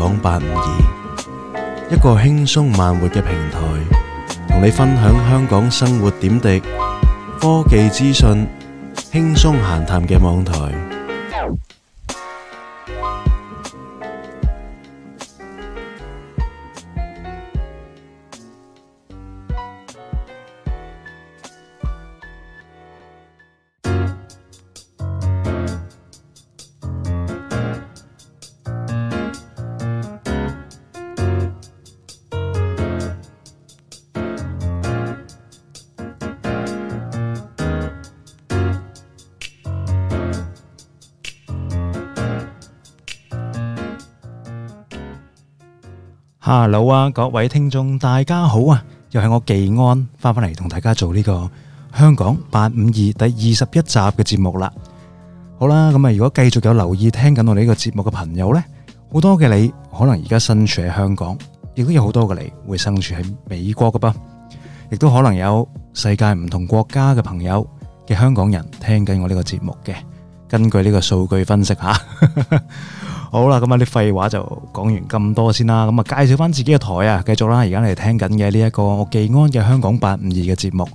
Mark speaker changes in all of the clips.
Speaker 1: 香講八五二，一個輕鬆慢活嘅平台，同你分享香港生活點滴、科技資訊、輕鬆閒談嘅網台。Hello 啊！各位聽眾，大家好啊！又係我技安翻返嚟，同大家做呢個香港八五二第二十一集嘅節目啦。好啦，咁啊，如果繼續有留意聽緊我呢個節目嘅朋友呢，好多嘅你可能而家身處喺香港，亦都有好多嘅你會身處喺美國㗎噃。亦都可能有世界唔同國家嘅朋友嘅香港人聽緊我呢個節目嘅。根據呢個數據分析嚇， 好啦，咁啊啲廢話就講完咁多先啦。咁啊介紹翻自己嘅台啊，繼續啦。而家你哋聽緊嘅呢一個我技安嘅香港八五二嘅節目，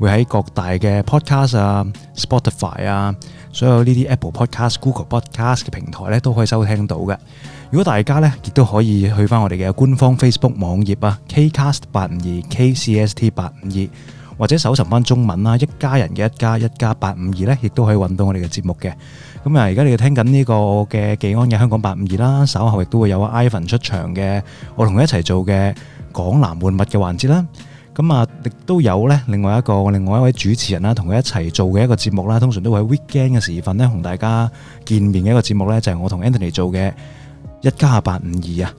Speaker 1: 會喺各大嘅 Podcast 啊、Spotify 啊、所有呢啲 Apple Podcast、Google Podcast 嘅平台咧，都可以收聽到嘅。如果大家咧，亦都可以去翻我哋嘅官方 Facebook 網頁啊，K Cast 八五二 K C S T 八五二。或者搜尋翻中文啦，一家人嘅一家一家八五二咧，亦都可以揾到我哋嘅節目嘅。咁啊，而家你要聽緊呢個嘅技安嘅香港八五二啦，稍後亦都會有阿 Ivan 出場嘅，我同佢一齊做嘅講男玩物嘅環節啦。咁啊，亦都有咧另外一個另外一位主持人啦，同佢一齊做嘅一個節目啦，通常都會喺 weekend 嘅時分咧同大家見面嘅一個節目咧，就係我同 Anthony 做嘅一家八五二啊。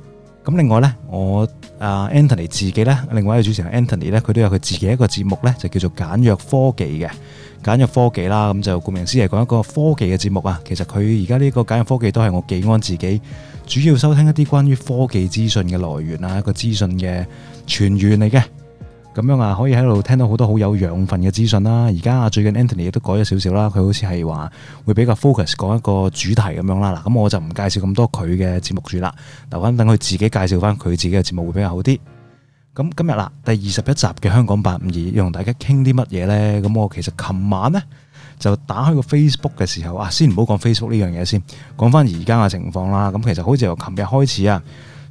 Speaker 1: 咁另外呢，我阿 Anthony 自己呢，另外一個主持人 Anthony 呢，佢都有佢自己一個節目呢，就叫做簡約科技嘅簡約科技啦。咁就顧名思義講一個科技嘅節目啊。其實佢而家呢個簡約科技都係我技安自己主要收聽一啲關於科技資訊嘅來源啊，一個資訊嘅來源嚟嘅。咁樣啊，可以喺度聽到好多好有養分嘅資訊啦。而家啊，最近 Anthony 亦都改咗少少啦，佢好似係話會比較 focus 講一個主題咁樣啦。嗱，咁我就唔介紹咁多佢嘅節目住啦，留翻等佢自己介紹翻佢自己嘅節目會比較好啲。咁今日啦，第二十一集嘅香港852要同大家傾啲乜嘢呢？咁我其實琴晚呢，就打開個 Facebook 嘅時候啊，先唔好講 Facebook 呢樣嘢先，講翻而家嘅情況啦。咁其實好似由琴日開始啊。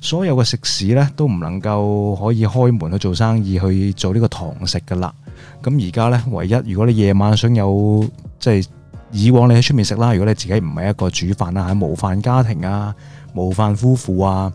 Speaker 1: 所有嘅食肆咧都唔能夠可以開門去做生意去做呢個堂食噶啦。咁而家咧，唯一如果你夜晚想有即係以往你喺出面食啦，如果你自己唔係一個煮飯啦，喺無飯家庭啊、無飯夫婦啊、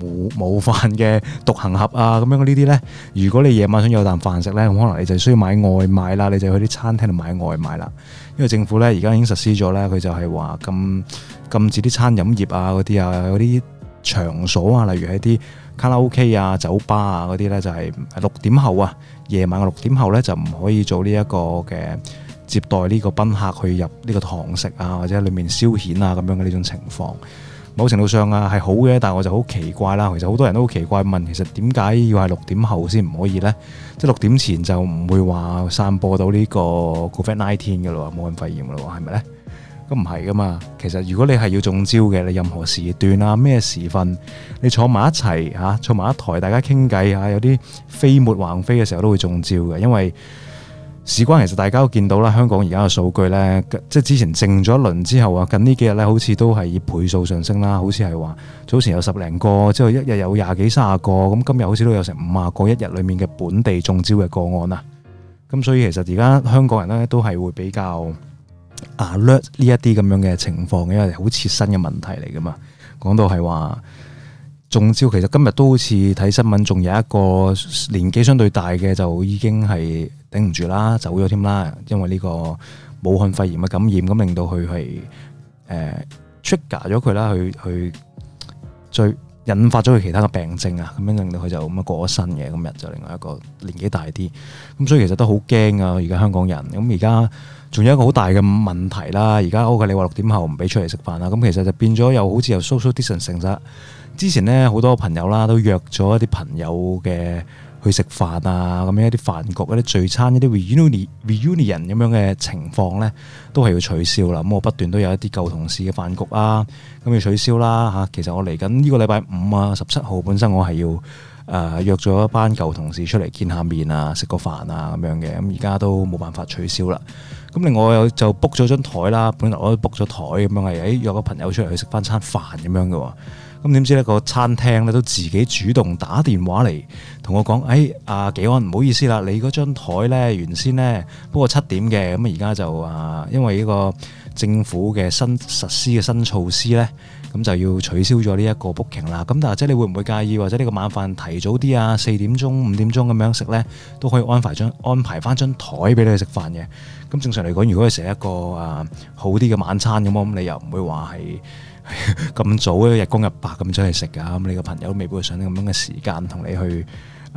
Speaker 1: 無無飯嘅獨行俠啊咁樣嘅呢啲咧，如果你夜晚想有啖、啊啊啊、飯食咧，可能你就需要買外賣啦，你就去啲餐廳度買外賣啦。因為政府咧而家已經實施咗咧，佢就係話禁禁止啲餐飲業啊嗰啲啊啲。場所啊，例如喺啲卡拉 OK 啊、酒吧啊嗰啲呢，就係六點後啊，夜晚嘅六點後呢，就唔可以做呢一個嘅接待呢個賓客去入呢個堂食啊，或者喺裏面消遣啊咁樣嘅呢種情況。某程度上啊係好嘅，但係我就好奇怪啦。其實好多人都好奇怪問，其實點解要係六點後先唔可以呢？即係六點前就唔會話散播到呢個 COVID nineteen 嘅咯，冇人肺炎咯，係咪呢？都唔係噶嘛，其實如果你係要中招嘅，你任何時段啊，咩時分，你坐埋一齊啊，坐埋一台，大家傾偈啊，有啲飛沫橫飛嘅時候都會中招嘅，因為事關，其實大家都見到啦，香港而家嘅數據呢，即係之前靜咗一輪之後啊，近呢幾日呢，好似都係以倍數上升啦，好似係話，早前有十零個，之後一日有廿幾、三十個，咁今日好似都有成五十個一日裏面嘅本地中招嘅個案啊，咁所以其實而家香港人呢，都係會比較。阿 lert 呢一啲咁樣嘅情況，因為好切身嘅問題嚟噶嘛。講到係話中招，其實今日都好似睇新聞，仲有一個年紀相對大嘅就已經係頂唔住啦，走咗添啦。因為呢個武漢肺炎嘅感染，咁令到佢係誒 trigger 咗佢啦，去去再，引發咗佢其他嘅病症啊，咁樣令到佢就咁樣過咗身嘅。今日就另外一個年紀大啲，咁所以其實都好驚啊。而家香港人咁而家。仲有一個好大嘅問題啦！而家 OK 你話六點後唔俾出嚟食飯啦，咁其實就變咗又好似又 social distancing。之前呢，好多朋友啦都約咗一啲朋友嘅去食飯啊，咁樣一啲飯局、一啲聚餐、一啲 reunion 咁樣嘅情況呢，都係要取消啦。咁我不斷都有一啲舊同事嘅飯局啊，咁要取消啦嚇。其實我嚟緊呢個禮拜五啊，十七號本身我係要誒約咗一班舊同事出嚟見下面啊，食個飯啊咁樣嘅，咁而家都冇辦法取消啦。咁另外我又就 book 咗張台啦，本來我都 book 咗台咁樣嘅，誒約個朋友出嚟去食翻餐飯咁樣嘅喎。咁點知呢個餐廳咧都自己主動打電話嚟同我講，誒、哎、阿、啊、技安唔好意思啦，你嗰張台咧原先呢不過七點嘅，咁而家就啊因為呢個政府嘅新實施嘅新措施咧，咁就要取消咗呢一個 booking 啦。咁但係即係你會唔會介意或者呢個晚飯提早啲啊？四點鐘、五點鐘咁樣食咧，都可以安排張安排翻張台俾你去食飯嘅。咁正常嚟講，如果你食一個啊好啲嘅晚餐，咁咁你又唔會話係咁早嘅日光日白咁出去食噶。咁、啊、你個朋友未必會想啲咁樣嘅時間同你去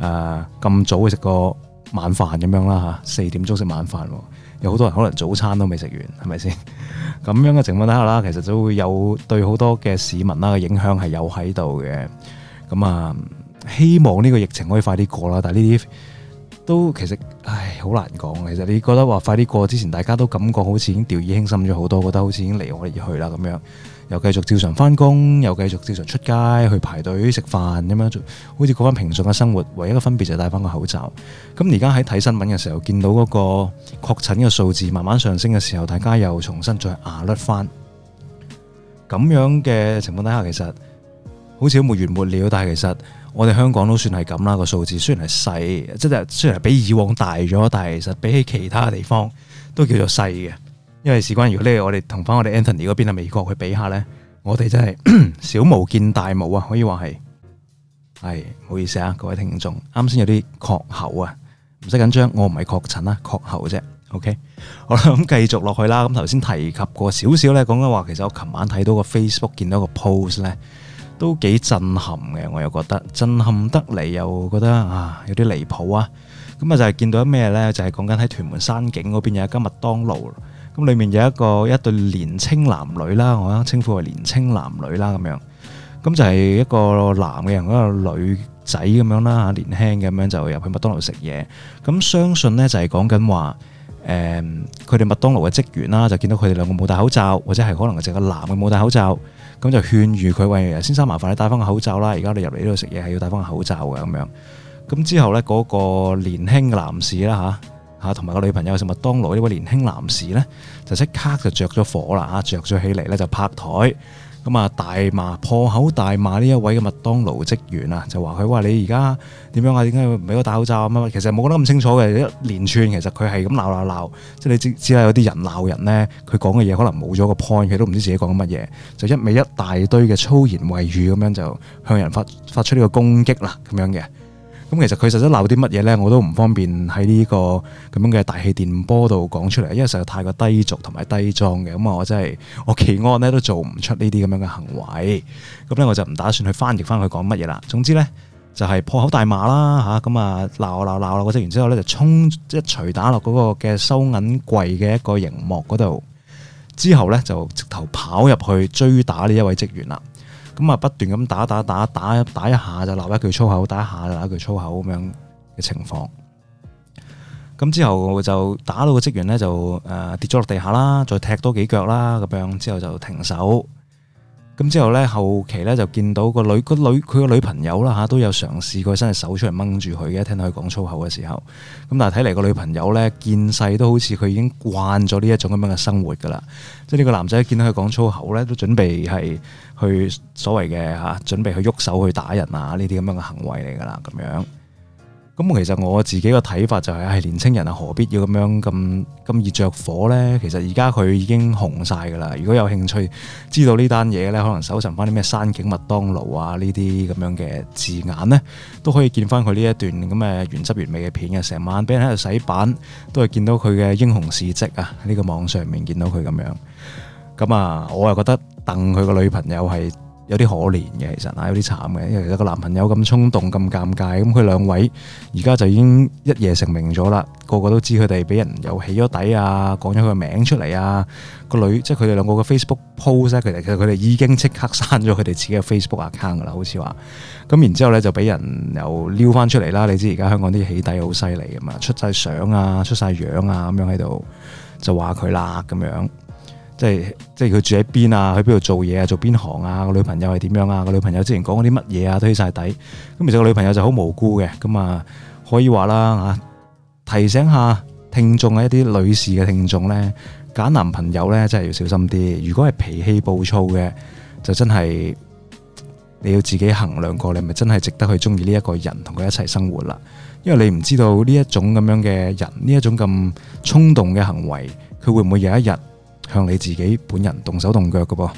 Speaker 1: 啊咁早去食個晚飯咁樣啦嚇。四點鐘食晚飯，有好多人可能早餐都未食完，係咪先？咁 樣嘅情況底下啦，其實就會有對好多嘅市民啦嘅影響係有喺度嘅。咁啊，希望呢個疫情可以快啲過啦。但係呢啲。都其實，唉，好難講。其實你覺得話快啲過之前，大家都感覺好似已經掉以輕心咗好多，覺得好似已經離我哋而去啦咁樣，又繼續照常翻工，又繼續照常出街去排隊食飯咁樣，好似過翻平常嘅生活。唯一嘅分別就係戴翻個口罩。咁而家喺睇新聞嘅時候，見到嗰個確診嘅數字慢慢上升嘅時候，大家又重新再壓甩翻。咁樣嘅情況底下，其實。好似都冇完冇了，但係其實我哋香港都算係咁啦，個數字雖，雖然係細，即係雖然係比以往大咗，但係其實比起其他嘅地方都叫做細嘅。因為事關，如果呢我哋同翻我哋 Anthony 嗰邊嘅美國去比下呢，我哋真係 小巫見大巫啊，可以話係係，哎，唔好意思啊各位聽眾，啱先有啲確喉啊，唔使緊張，我唔係確診啊，確喉啫。OK，好啦，咁繼續落去啦。咁頭先提及過少少呢講緊話，說說其實我琴晚睇到個 Facebook 見到個 post 呢。都幾震撼嘅，我又覺得震撼得嚟，又覺得啊有啲離譜啊！咁啊就係見到咩呢？就係講緊喺屯門山景嗰邊有一間麥當勞，咁裏面有一個一對年青男女啦，我稱呼為年青男女啦咁樣，咁就係一個男嘅人嗰個女仔咁樣啦，年輕咁樣就入去麥當勞食嘢。咁相信呢就係講緊話，誒佢哋麥當勞嘅職員啦，就見到佢哋兩個冇戴口罩，或者係可能淨係個男嘅冇戴口罩。咁就勸喻佢喂，先生麻煩你戴翻個口罩啦！而家你入嚟呢度食嘢係要戴翻個口罩嘅咁樣。咁之後呢，嗰個年輕男士啦嚇嚇，同埋個女朋友食麥當勞呢位年輕男士呢，就即刻就着咗火啦嚇、啊，著咗起嚟呢，就拍台。咁啊，大罵破口大罵呢一位嘅麥當勞職員啊，就話佢話你而家點樣啊？點解要俾我戴口罩啊，啊？其實冇得咁清楚嘅，一連串其實佢係咁鬧鬧鬧，即係你知知啦，有啲人鬧人呢，佢講嘅嘢可能冇咗個 point，佢都唔知自己講緊乜嘢，就一味一大堆嘅粗言穢語咁樣就向人發發出呢個攻擊啦，咁樣嘅。咁其實佢實質鬧啲乜嘢咧，我都唔方便喺呢個咁樣嘅大氣電波度講出嚟，因為實在太過低俗同埋低莊嘅，咁啊我真係我技安咧都做唔出呢啲咁樣嘅行為，咁咧我就唔打算去翻譯翻佢講乜嘢啦。總之咧就係、是、破口大罵啦嚇，咁啊鬧鬧鬧啦！個職員之後咧就衝一捶打落嗰個嘅收銀櫃嘅一個熒幕嗰度，之後咧就直頭跑入去追打呢一位職員啦。咁啊，不斷咁打打打打打，一下就鬧一句粗口，打一下就鬧一句粗口咁樣嘅情況。咁之後我就打到個職員呢，就誒跌咗落地下啦，再踢多幾腳啦，咁樣之後就停手。咁之後咧，後期咧就見到個女，個女佢個女朋友啦嚇、啊，都有嘗試過伸隻手出嚟掹住佢嘅，聽到佢講粗口嘅時候。咁但係睇嚟個女朋友咧，見勢都好似佢已經慣咗呢一種咁樣嘅生活噶啦。即係呢個男仔見到佢講粗口咧，都準備係去所謂嘅嚇、啊，準備去喐手去打人啊呢啲咁樣嘅行為嚟噶啦咁樣。咁其實我自己個睇法就係、是、係年青人啊，何必要咁樣咁咁熱着火呢？其實而家佢已經紅晒噶啦。如果有興趣知道呢單嘢呢，可能搜尋翻啲咩山景麥當勞啊呢啲咁樣嘅字眼呢，都可以見翻佢呢一段咁嘅原汁原味嘅片啊。成晚俾人喺度洗版，都係見到佢嘅英雄事跡啊！喺呢個網上面見到佢咁樣，咁啊，我又覺得戥佢個女朋友係。有啲可憐嘅，其實啊，有啲慘嘅，因為其實個男朋友咁衝動、咁尷尬，咁佢兩位而家就已經一夜成名咗啦，個個都知佢哋俾人又起咗底啊，講咗佢個名出嚟啊，個女即係佢哋兩個嘅 Facebook post 咧，其實佢哋已經即刻刪咗佢哋自己嘅 Facebook account 噶啦，好似話咁，然之後咧就俾人又撩翻出嚟啦，你知而家香港啲起底好犀利㗎嘛，出晒相啊，出晒樣啊，咁樣喺度就話佢啦咁樣。即係即係佢住喺邊啊，去邊度做嘢啊，做邊行啊？個女朋友係點樣啊？個女朋友之前講過啲乜嘢啊？推晒底咁，其實個女朋友就好無辜嘅。咁啊，可以話啦吓，提醒下聽眾啊，一啲女士嘅聽眾咧，揀男朋友咧真係要小心啲。如果係脾氣暴躁嘅，就真係你要自己衡量過，你咪真係值得去中意呢一個人，同佢一齊生活啦。因為你唔知道呢一種咁樣嘅人，呢一種咁衝動嘅行為，佢會唔會有一日？向你自己本人動手動腳嘅噃，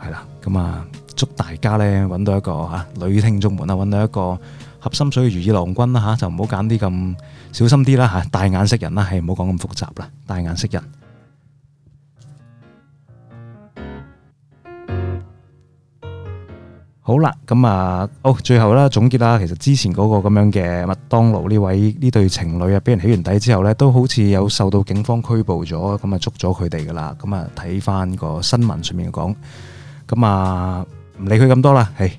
Speaker 1: 係啦，咁啊，祝大家咧揾到一個啊女聽眾們啊，揾到一個合心水如意郎君啦吓，就唔好揀啲咁小心啲啦吓，大眼識人啦，係唔好講咁複雜啦，大眼識人。好啦，咁啊，哦，最後啦，總結啦，其實之前嗰個咁樣嘅麥當勞呢位呢對情侶啊，俾人起完底之後呢，都好似有受到警方拘捕咗，咁啊捉咗佢哋噶啦，咁啊睇翻個新聞上面講，咁啊唔理佢咁多啦，誒，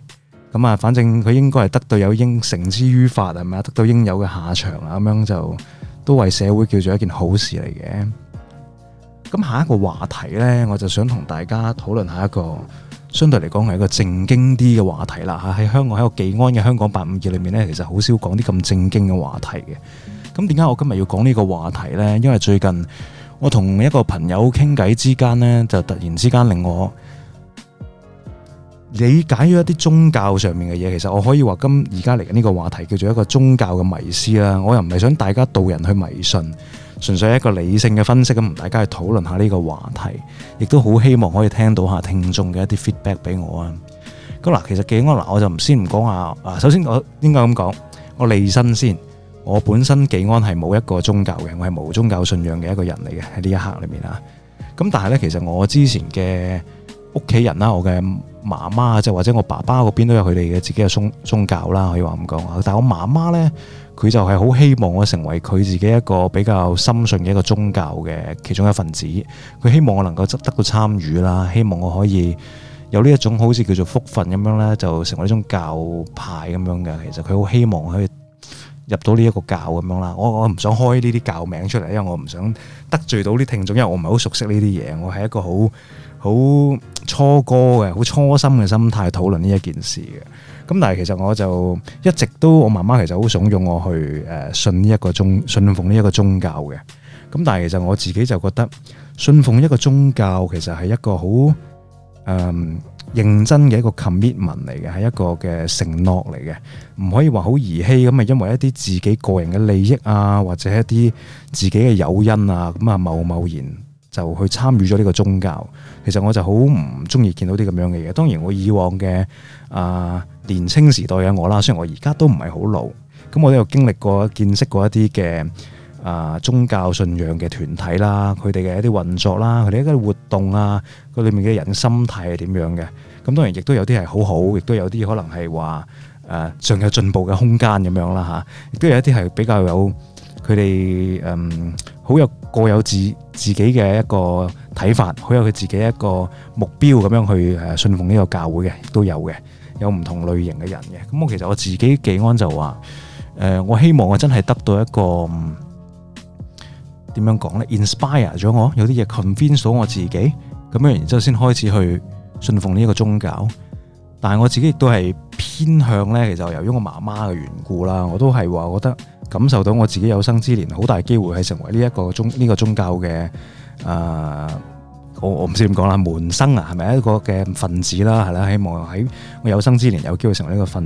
Speaker 1: 咁啊反正佢應該係得到有應繩之於法係咪得到應有嘅下場啊，咁樣就都為社會叫做一件好事嚟嘅。咁下一個話題呢，我就想同大家討論下一個。相對嚟講係一個正經啲嘅話題啦，吓喺香港喺個技安嘅香港八五二裏面呢，其實好少講啲咁正經嘅話題嘅。咁點解我今日要講呢個話題呢？因為最近我同一個朋友傾偈之間呢，就突然之間令我理解咗一啲宗教上面嘅嘢。其實我可以話今而家嚟緊呢個話題叫做一個宗教嘅迷思啦。我又唔係想大家導人去迷信。純粹一個理性嘅分析咁，大家去討論下呢個話題，亦都好希望可以聽到下聽眾嘅一啲 feedback 俾我啊。咁嗱，其實技安嗱，我就唔先唔講下啊。首先我應該咁講，我立身先，我本身技安係冇一個宗教嘅，我係無宗教信仰嘅一個人嚟嘅喺呢一刻裏面啊。咁但係咧，其實我之前嘅屋企人啦，我嘅媽媽即係或者我爸爸嗰邊都有佢哋嘅自己嘅宗宗教啦，可以話咁講啊。但係我媽媽咧。佢就係好希望我成為佢自己一個比較深信嘅一個宗教嘅其中一份子，佢希望我能夠得得到參與啦，希望我可以有呢一種好似叫做福分咁樣咧，就成為一種教派咁樣嘅。其實佢好希望我可以入到呢一個教咁樣啦。我我唔想開呢啲教名出嚟，因為我唔想得罪到啲聽眾，因為我唔係好熟悉呢啲嘢。我係一個好好初哥嘅，好初心嘅心態討論呢一件事嘅。咁但係其實我就一直都我媽媽其實好慫恿我去誒信呢一個宗信奉呢一個宗教嘅。咁但係其實我自己就覺得信奉一個宗教其實係一個好誒、嗯、認真嘅一個 commitment 嚟嘅，係一個嘅承諾嚟嘅。唔可以話好兒戲咁啊，因為一啲自己個人嘅利益啊，或者一啲自己嘅誘因啊，咁啊貿貿然就去參與咗呢個宗教。其實我就好唔中意見到啲咁樣嘅嘢。當然我以往嘅啊。年青時代嘅我啦，雖然我而家都唔係好老，咁我都有經歷過、見識過一啲嘅啊宗教信仰嘅團體啦，佢哋嘅一啲運作啦，佢哋一啲活動啊，佢裏面嘅人心態係點樣嘅？咁當然亦都有啲係好好，亦都有啲可能係話誒尚有進步嘅空間咁樣啦吓，亦都有一啲係比較有佢哋嗯好有各有自己個有自己嘅一個睇法，好有佢自己一個目標咁樣去誒信奉呢個教會嘅都有嘅。有唔同類型嘅人嘅，咁我其實我自己技安就話，誒、呃，我希望我真係得到一個點樣講呢，inspire 咗我，有啲嘢 convince 咗我自己，咁樣然之後先開始去信奉呢一個宗教。但係我自己亦都係偏向呢，其實由於我媽媽嘅緣故啦，我都係話覺得感受到我自己有生之年好大機會係成為呢一個宗呢、這個宗教嘅啊。呃我我唔知點講啦，門生啊，係咪一個嘅分子啦，係啦，希望喺我有生之年有機會成為呢個份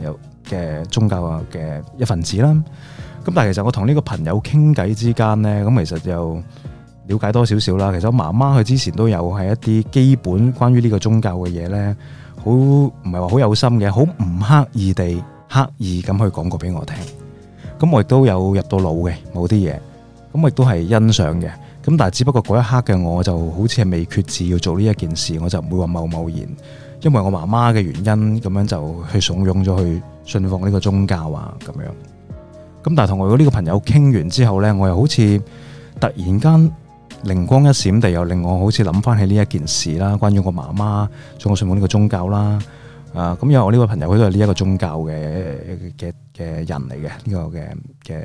Speaker 1: 誒，有、呃、嘅宗教嘅一份子啦。咁、嗯、但係其實我同呢個朋友傾偈之間呢，咁、嗯、其實就了解多少少啦。其實我媽媽佢之前都有係一啲基本關於呢個宗教嘅嘢呢，好唔係話好有心嘅，好唔刻意地刻意咁去講過俾我聽。咁、嗯、我亦都有入到腦嘅某啲嘢，咁我亦都係欣賞嘅。咁但係只不過嗰一刻嘅我，我就好似係未決志要做呢一件事，我就唔會話貿貿然，因為我媽媽嘅原因咁樣就去慫恿咗去信奉呢個宗教啊咁樣。咁但係同我呢個朋友傾完之後呢，我又好似突然間靈光一閃，地又令我好似諗翻起呢一件事啦，關於我媽媽仲我信奉呢個宗教啦。啊，咁因為我呢個朋友佢都係呢一個宗教嘅嘅嘅人嚟嘅，呢、這個嘅嘅。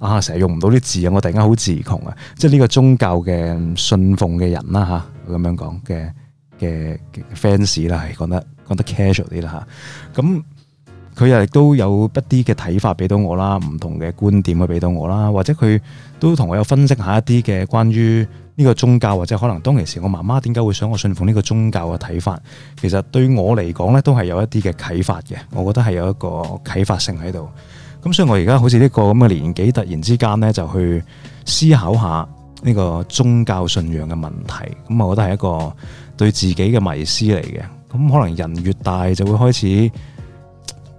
Speaker 1: 啊！成日用唔到啲字啊！我突然間好自窮啊！即係呢個宗教嘅信奉嘅人啦吓，咁、啊、樣講嘅嘅嘅 fans 啦，係講得講得 casual 啲啦吓。咁佢又亦都有一啲嘅睇法俾到我啦，唔同嘅觀點啊俾到我啦，或者佢都同我有分析一下一啲嘅關於呢個宗教，或者可能當其時我媽媽點解會想我信奉呢個宗教嘅睇法，其實對我嚟講咧，都係有一啲嘅啟發嘅，我覺得係有一個啟發性喺度。咁、嗯、所以我而家好似呢個咁嘅年紀，突然之間呢，就去思考下呢個宗教信仰嘅問題。咁、嗯、我覺得係一個對自己嘅迷思嚟嘅。咁、嗯、可能人越大就會開始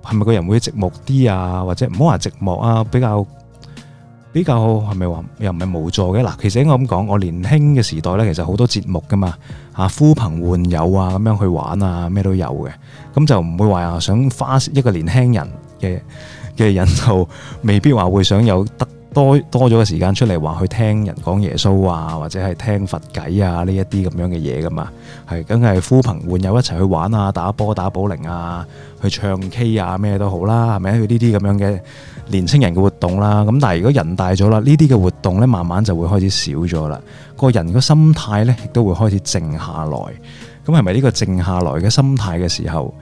Speaker 1: 係咪個人會寂寞啲啊？或者唔好話寂寞啊，比較比較係咪話又唔係無助嘅嗱？其實應該咁講，我年輕嘅時代呢，其實好多節目噶嘛吓，呼朋喚友啊，咁樣去玩啊，咩都有嘅。咁、嗯、就唔會話想花一個年輕人嘅。嘅人就未必話會想有得多多咗嘅時間出嚟話去聽人講耶穌啊，或者係聽佛偈啊呢一啲咁樣嘅嘢噶嘛，係梗係呼朋喚友一齊去玩啊，打波打保齡啊，去唱 K 啊咩都好啦，係咪去呢啲咁樣嘅年青人嘅活動啦？咁但係如果人大咗啦，呢啲嘅活動呢，慢慢就會開始少咗啦。個人個心態呢，亦都會開始靜下來。咁係咪呢個靜下來嘅心態嘅時候？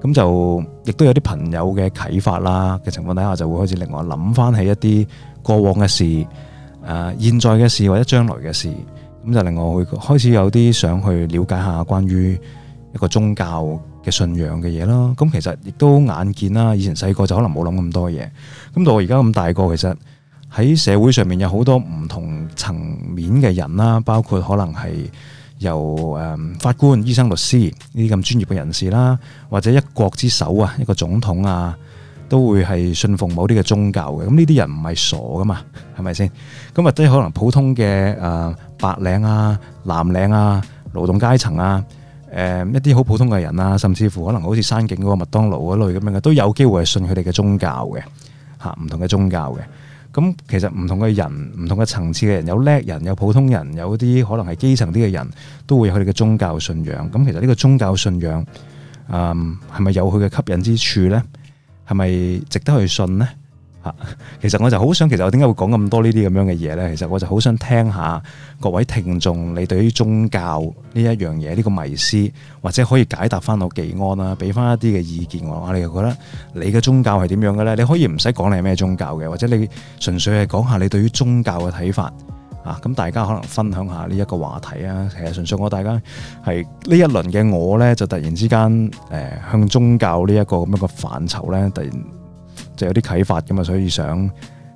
Speaker 1: 咁就亦都有啲朋友嘅啟發啦嘅情況底下，就會開始令我諗翻起一啲過往嘅事、誒、呃、現在嘅事或者將來嘅事，咁就令我會開始有啲想去了解下關於一個宗教嘅信仰嘅嘢啦。咁其實亦都眼見啦，以前細個就可能冇諗咁多嘢，咁到我而家咁大個，其實喺社會上面有好多唔同層面嘅人啦，包括可能係。由誒法官、醫生、律師呢啲咁專業嘅人士啦，或者一國之首啊，一個總統啊，都會係信奉某啲嘅宗教嘅。咁呢啲人唔係傻㗎嘛，係咪先？咁或者可能普通嘅誒白領啊、藍領啊、勞動階層啊、誒一啲好普通嘅人啊，甚至乎可能好似山景嗰個麥當勞嗰類咁樣嘅，都有機會係信佢哋嘅宗教嘅吓，唔同嘅宗教嘅。咁其實唔同嘅人，唔同嘅層次嘅人，有叻人，有普通人，有啲可能係基層啲嘅人都會有佢哋嘅宗教信仰。咁其實呢個宗教信仰，嗯，係咪有佢嘅吸引之處咧？係咪值得去信咧？吓，其實我就好想，其實我點解會講咁多呢啲咁樣嘅嘢咧？其實我就好想聽下各位聽眾，你對於宗教呢一樣嘢，呢個迷思或者可以解答翻我技安啦，俾翻一啲嘅意見我。啊，你又覺得你嘅宗教係點樣嘅咧？你可以唔使講你係咩宗教嘅，或者你純粹係講下你對於宗教嘅睇法啊。咁大家可能分享下呢一個話題啊。其實純粹我大家係呢一輪嘅我咧，就突然之間誒向宗教呢一個咁樣嘅範疇咧突然。就有啲啟發咁啊，所以想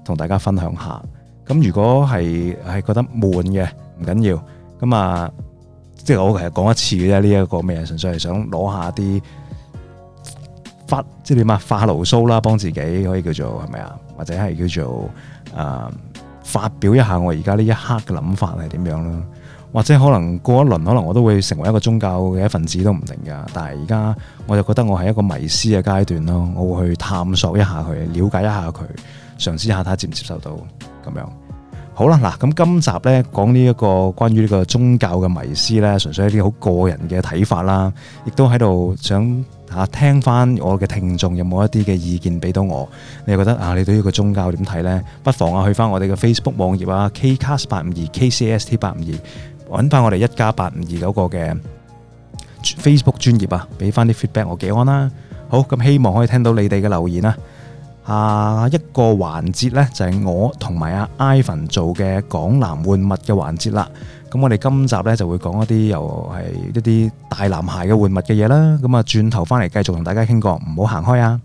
Speaker 1: 同大家分享下。咁如果係係覺得悶嘅，唔緊要。咁啊，即係我其實講一次嘅啫。呢、這、一個咩啊，純粹係想攞下啲發，即係點啊，發牢騷啦，幫自己可以叫做係咪啊？或者係叫做誒、呃、發表一下我而家呢一刻嘅諗法係點樣咯？或者可能過一輪，可能我都會成為一個宗教嘅一份子都唔定噶。但係而家我就覺得我係一個迷思嘅階段咯，我會去探索一下佢，了解一下佢，嘗試下睇下接唔接受到咁樣。好啦，嗱，咁今集呢，講呢一個關於呢個宗教嘅迷思呢，純粹一啲好個人嘅睇法啦，亦都喺度想吓聽翻我嘅聽眾有冇一啲嘅意見俾到我。你覺得啊，你對於呢個宗教點睇呢？不妨啊去翻我哋嘅 Facebook 網頁啊，Kcast 八五二 Kcast 八五二。搵翻我哋一加八五二嗰個嘅 Facebook 專頁啊，俾翻啲 feedback 我技安啦。好，咁希望可以聽到你哋嘅留言啦。下、啊、一個環節呢，就係、是、我同埋阿 Ivan 做嘅港男玩物嘅環節啦。咁我哋今集呢，就會講一啲又係一啲大男孩嘅玩物嘅嘢啦。咁啊，轉頭翻嚟繼續同大家傾過，唔好行開啊！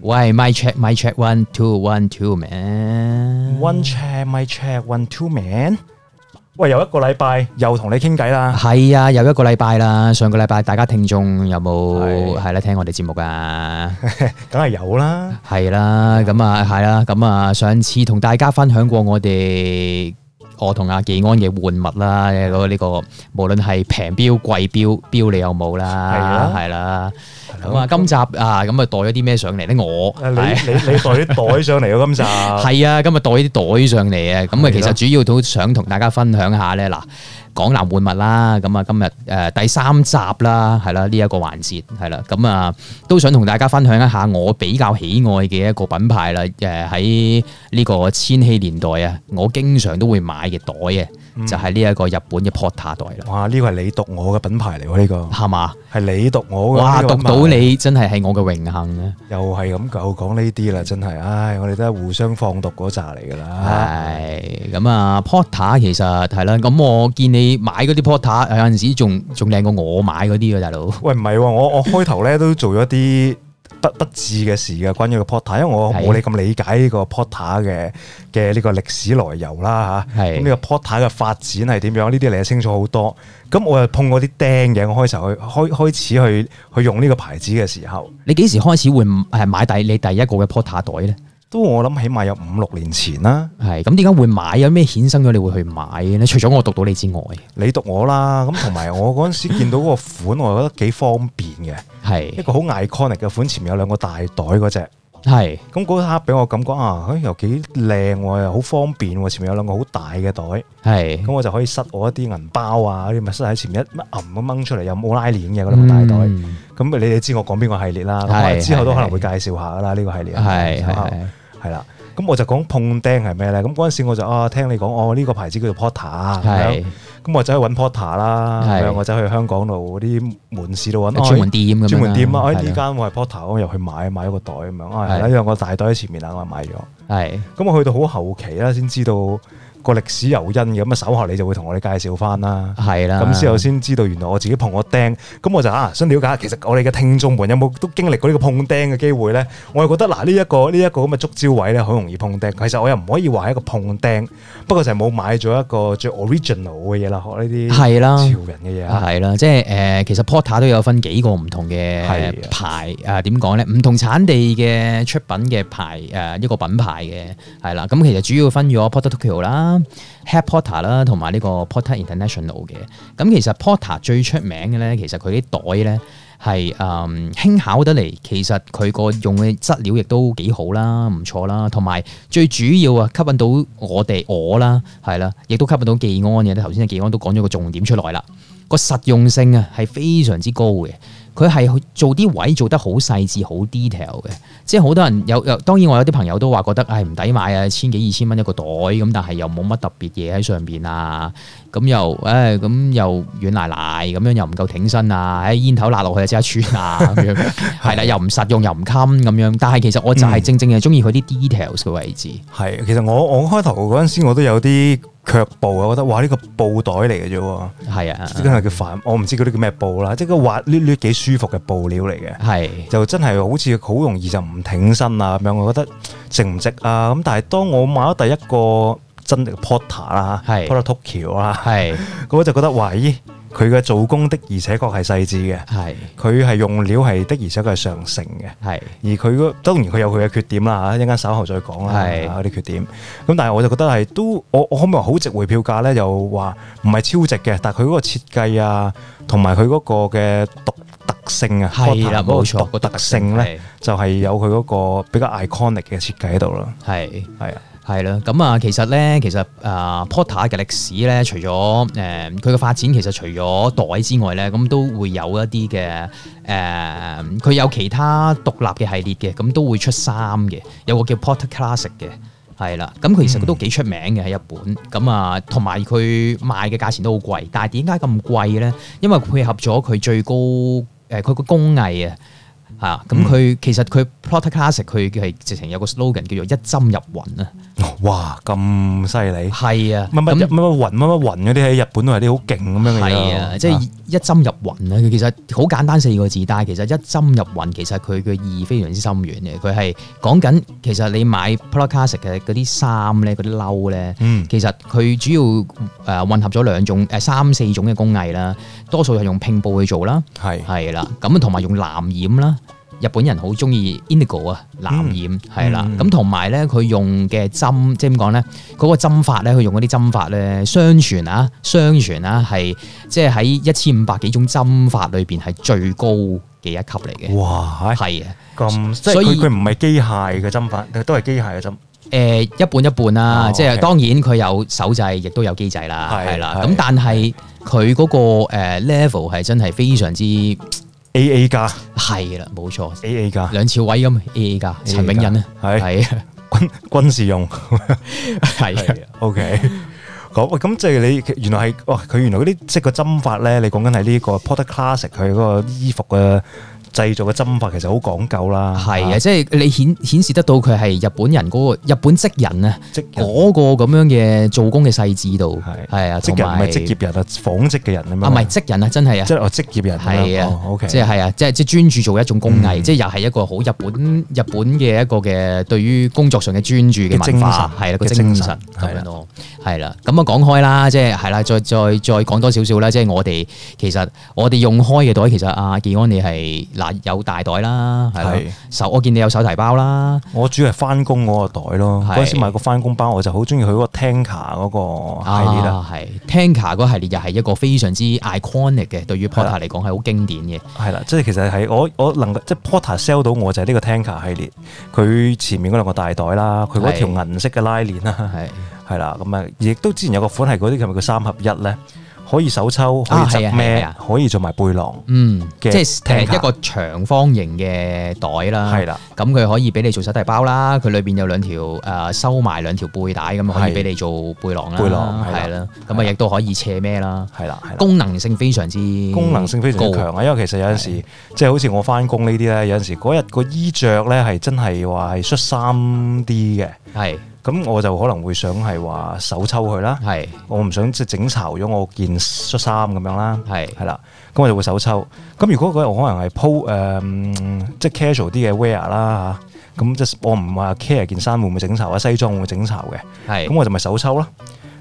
Speaker 1: 喂，my check my check one two one two man，one check my check one two man。喂，又一個禮拜又同你
Speaker 2: 傾偈啦，係啊，又一個禮拜啦。上個禮拜大家聽眾有冇係啦聽我哋節目噶？
Speaker 1: 梗係 有啦，
Speaker 2: 係啦、啊，咁啊係啦，咁啊，啊上次同大家分享過我哋我同阿技安嘅玩物啦，嗰、這個呢個無論係平標貴標標你有冇啦，係啦、啊。咁啊，今集啊，咁你啊，袋咗啲咩上嚟咧？我你你你袋上
Speaker 1: 嚟啊， 啊！今集係啊，
Speaker 2: 今日袋啲袋上嚟啊，咁啊，其實主要都想同大家分享下咧嗱、啊，講男玩物啦，咁啊，今日誒第三集啦，係啦呢一個環節係啦，咁啊、嗯、啊都想同大家分享一下我比較喜愛嘅一個品牌啦，誒喺呢個千禧年代啊，我經常都會買嘅袋啊。就係呢一個日本嘅 Porter 袋
Speaker 1: 啦。哇！呢個係你讀我嘅品牌嚟喎，呢、這個係嘛？係吧你讀我嘅。哇！讀到你
Speaker 2: 真係係我嘅榮幸咧。
Speaker 1: 又係咁講講呢啲啦，真係。唉、哎，我哋都係互相放毒嗰扎
Speaker 2: 嚟㗎啦。係咁啊、哎、Porter 其實係啦。咁我見你買嗰啲
Speaker 1: Porter，有陣時仲仲靚過我買嗰啲㗎，大佬。喂，唔係喎，我我開頭咧都做咗啲。 不不治嘅事嘅，關於個 Porter，因為我冇你咁理解呢個 Porter 嘅嘅呢個歷史來由啦嚇，咁呢是的 個 Porter 嘅發展係點樣？呢啲你係清楚好多。咁我又碰過啲釘嘅，我開頭去開開始去開始去用呢個牌子嘅時候，你幾時開始會誒買第你第一個嘅 Porter 袋咧？都我諗起碼有五六年前啦，係咁點解會買有咩衍生咗你會去買咧？除咗我讀到你之外，你讀我啦。咁同埋我嗰陣時見到嗰個款，我覺得幾方便嘅，係 一個好 iconic 嘅款，前面有兩個大袋嗰隻，係咁嗰一刻俾我感覺啊，好似又幾靚，又好、啊、方便、啊，前面有兩個好大嘅袋，係咁是我就可以塞我一啲銀包啊，啲咪塞喺前面一揞咁掹出嚟，又冇拉鏈嘅嗰兩個大袋。咁、嗯、你哋知我講邊個系列啦？咁啊是之後都可能會介紹下噶啦，呢個系列係。係啦，咁我就講碰釘係咩咧？咁嗰陣時我就啊聽你講哦，呢個牌子叫做 Porter 啊，咁我走去搵 Porter 啦。啦，我走去香港度嗰啲門市度搵，專門店的，啊專門店啊，喺呢間我係 Porter 我又去買買咗個袋咁樣，的啊，因為我大袋喺前面啊，我買咗，係的，咁的我去到好後期啦，先知道。個歷史由因嘅咁樣守候，你就會同我哋介紹翻啦，係啦。咁之後先知道原來我自己碰過釘，咁我就啊想瞭解下，其實我哋嘅聽眾們有冇都經歷過呢個碰釘嘅機會咧？我係覺得嗱，呢一個呢一個咁嘅捉招位咧，好容易碰釘。其實我又唔可以話係一個碰釘，不過就係冇買咗一個最 original 嘅嘢啦，學呢啲係啦，潮人嘅嘢係
Speaker 2: 啦，即係誒，其實 Porter 都有分幾個唔
Speaker 1: 同嘅牌
Speaker 2: 啊？點講咧？唔同產地嘅出品嘅牌誒，一個品牌嘅係啦。咁其實主要分咗 Porter Tokyo 啦。Head Porter 啦，同埋呢個 Porter International 嘅，咁其實 Porter 最出名嘅咧，其實佢啲袋咧係誒輕巧得嚟，其實佢個用嘅質料亦都幾好啦，唔錯啦，同埋最主要啊，吸引到我哋我啦，係啦，亦都吸引到技安嘅咧。頭先阿技安都講咗個重點出嚟啦，個實用性啊係非常之高嘅。佢係做啲位做得好細緻，好 detail 嘅，即係好多人有有。當然，我有啲朋友都話覺得係唔抵買啊，千幾二千蚊一個袋咁，但係又冇乜特別嘢喺上邊啊，咁又誒，咁又軟爛爛咁樣，又唔夠挺身啊，喺、欸、煙頭辣落去就即刻穿啊咁樣，係啦， 又唔實用又唔襟咁樣。但係其實我就係正正係中意佢啲 details 嘅位置。
Speaker 1: 係、嗯，其實我我開頭嗰陣時我，我都有啲卻步啊，我覺得哇，呢個布袋嚟嘅啫喎，係啊，咁係叫帆，我唔知嗰啲叫咩布啦，即係個滑捋捋幾舒服嘅布料嚟嘅，係是，就真係好似好容易就唔挺身啊咁樣，我覺得值唔值啊？咁但係當我買咗第一個真嘅 Porter 啦是，Porter Tokyo 啦是，係，咁我就覺得，咦？佢嘅做工的，的，的，的，的而且確係細緻嘅，係佢係用料係的而且確係上乘嘅，係的而佢嗰，當然佢有佢嘅缺點啦，啊一陣間稍後再講啦，係啲的缺點。咁但係我就覺得係都我我可唔可以話好值回票價咧？又話唔係超值嘅，但係佢嗰個設計啊，同埋佢嗰個嘅獨特性啊，係啦冇錯獨特性咧，的就係有佢嗰個比較 iconic 嘅設計喺度囉，係係的。係
Speaker 2: 啦，咁啊，其實咧，其、呃、實啊，Porter 嘅歷史咧，除咗誒佢嘅發展，其實除咗袋之外咧，咁都會有一啲嘅誒，佢、呃、有其他獨立嘅系列嘅，咁都會出衫嘅，有個叫 Porter Classic 嘅，係啦，咁、嗯、佢其實都幾出名嘅喺日本，咁、嗯、啊，同埋佢賣嘅價錢都好貴，但係點解咁貴咧？因為配合咗佢最高誒佢個工藝啊，嚇、嗯，咁佢、嗯嗯、其實佢 Porter Classic 佢係直情有個 slogan 叫做一針入雲啊。
Speaker 1: 哇，咁犀利！係啊，乜乜乜魂乜乜魂嗰啲喺日本都係啲好勁咁樣嘅嘢啊！即係一
Speaker 2: 針入魂啊！佢其實好簡單四個字，但係其實一針入魂，其實佢嘅意義非常之深遠嘅。佢係講緊，其實你買 Porter Classic 嘅嗰啲衫咧，嗰啲褸咧，其實佢主要誒混合咗兩種誒三四種嘅工藝啦，多數係用拼布去做啦，係係啦，咁同埋用藍染啦。日本人好中意 Inigo 啊，藍染係啦，咁同埋咧佢用嘅針，即係點講咧？嗰個針法咧，佢用嗰啲針法咧，相傳啊，相傳啊，係，即係喺一千五百幾種針法裏邊係最高嘅一級嚟嘅。哇，係啊，咁所以佢唔係機械嘅針法，都係機械嘅針。誒，一半一半啦，即係當然佢有手製，亦都有機制啦，係啦。咁但係佢嗰個 level 係真係非常之。A A 架係啦，冇錯 A
Speaker 1: A 架，梁朝偉咁 A A 架，陳架永仁咧係啊，軍的 軍事用係，OK 好喂，咁即係你原來係，哇、哦、佢原來嗰啲即係個針法咧，你講緊係呢個 Porter Classic 佢嗰個衣服嘅。製造嘅針法其實好講究啦，係啊，即係你顯顯示得到佢係日本人嗰個
Speaker 2: 日本職人啊，嗰個咁樣嘅做工嘅細緻度係啊，職人唔係職業人啊，紡織嘅人啊，唔係職人啊，真係啊，即係我職業人係啊即係係啊，即係即專注做一種工藝，即又係一個好日本日本嘅一個嘅對於工作上嘅專注嘅文化，係啦，個精神咁樣係啦，咁啊講開啦，即係係啦，再再再講多少少啦，即係我哋其實我哋用開嘅袋，其實阿技安你係。有大袋啦，係手的我見你有手提包啦，我主要係翻工嗰個袋咯。嗰的時買個翻工包，我就好中意佢嗰個 Tanker 嗰、er、個系列啦，係 Tanker 嗰個系列又係一個非常之
Speaker 1: iconic 嘅，對於 Porter 嚟講係好經典嘅，係啦。即係其實係我我能夠即係 Porter sell 到我就係呢個 Tanker 系列，佢前面嗰兩個大袋啦，佢嗰條銀色嘅拉鏈啦，係係啦，咁啊， 亦、嗯、都之前有個款係嗰啲，係咪叫三合一咧？可以手抽，可以執咩，可以做埋背囊。
Speaker 2: 嗯，即係一個
Speaker 1: 長方形嘅
Speaker 2: 袋啦。係啦，咁佢可以俾你做手提包啦。佢裏邊有兩條誒，收埋兩條背帶咁啊，可以俾你做背囊啦。背囊係啦，咁啊亦都可以斜孭啦。係啦，功能
Speaker 1: 性非常之功能性非常強啊。因為其實有陣時即係好似我翻工呢啲咧，有陣時嗰日個衣着咧係真係話係恤衫啲嘅。係。咁我就可能會想係話手抽佢啦，是我唔想即係整巢咗我件恤衫咁樣啦，係啦是，咁我就會手抽。咁如果嗰日可能係鋪誒即係 casual 啲嘅 wear 啦嚇，咁即係我唔話 care 件衫會唔會整巢，西裝會唔會整巢嘅，咁是我就咪手抽囉。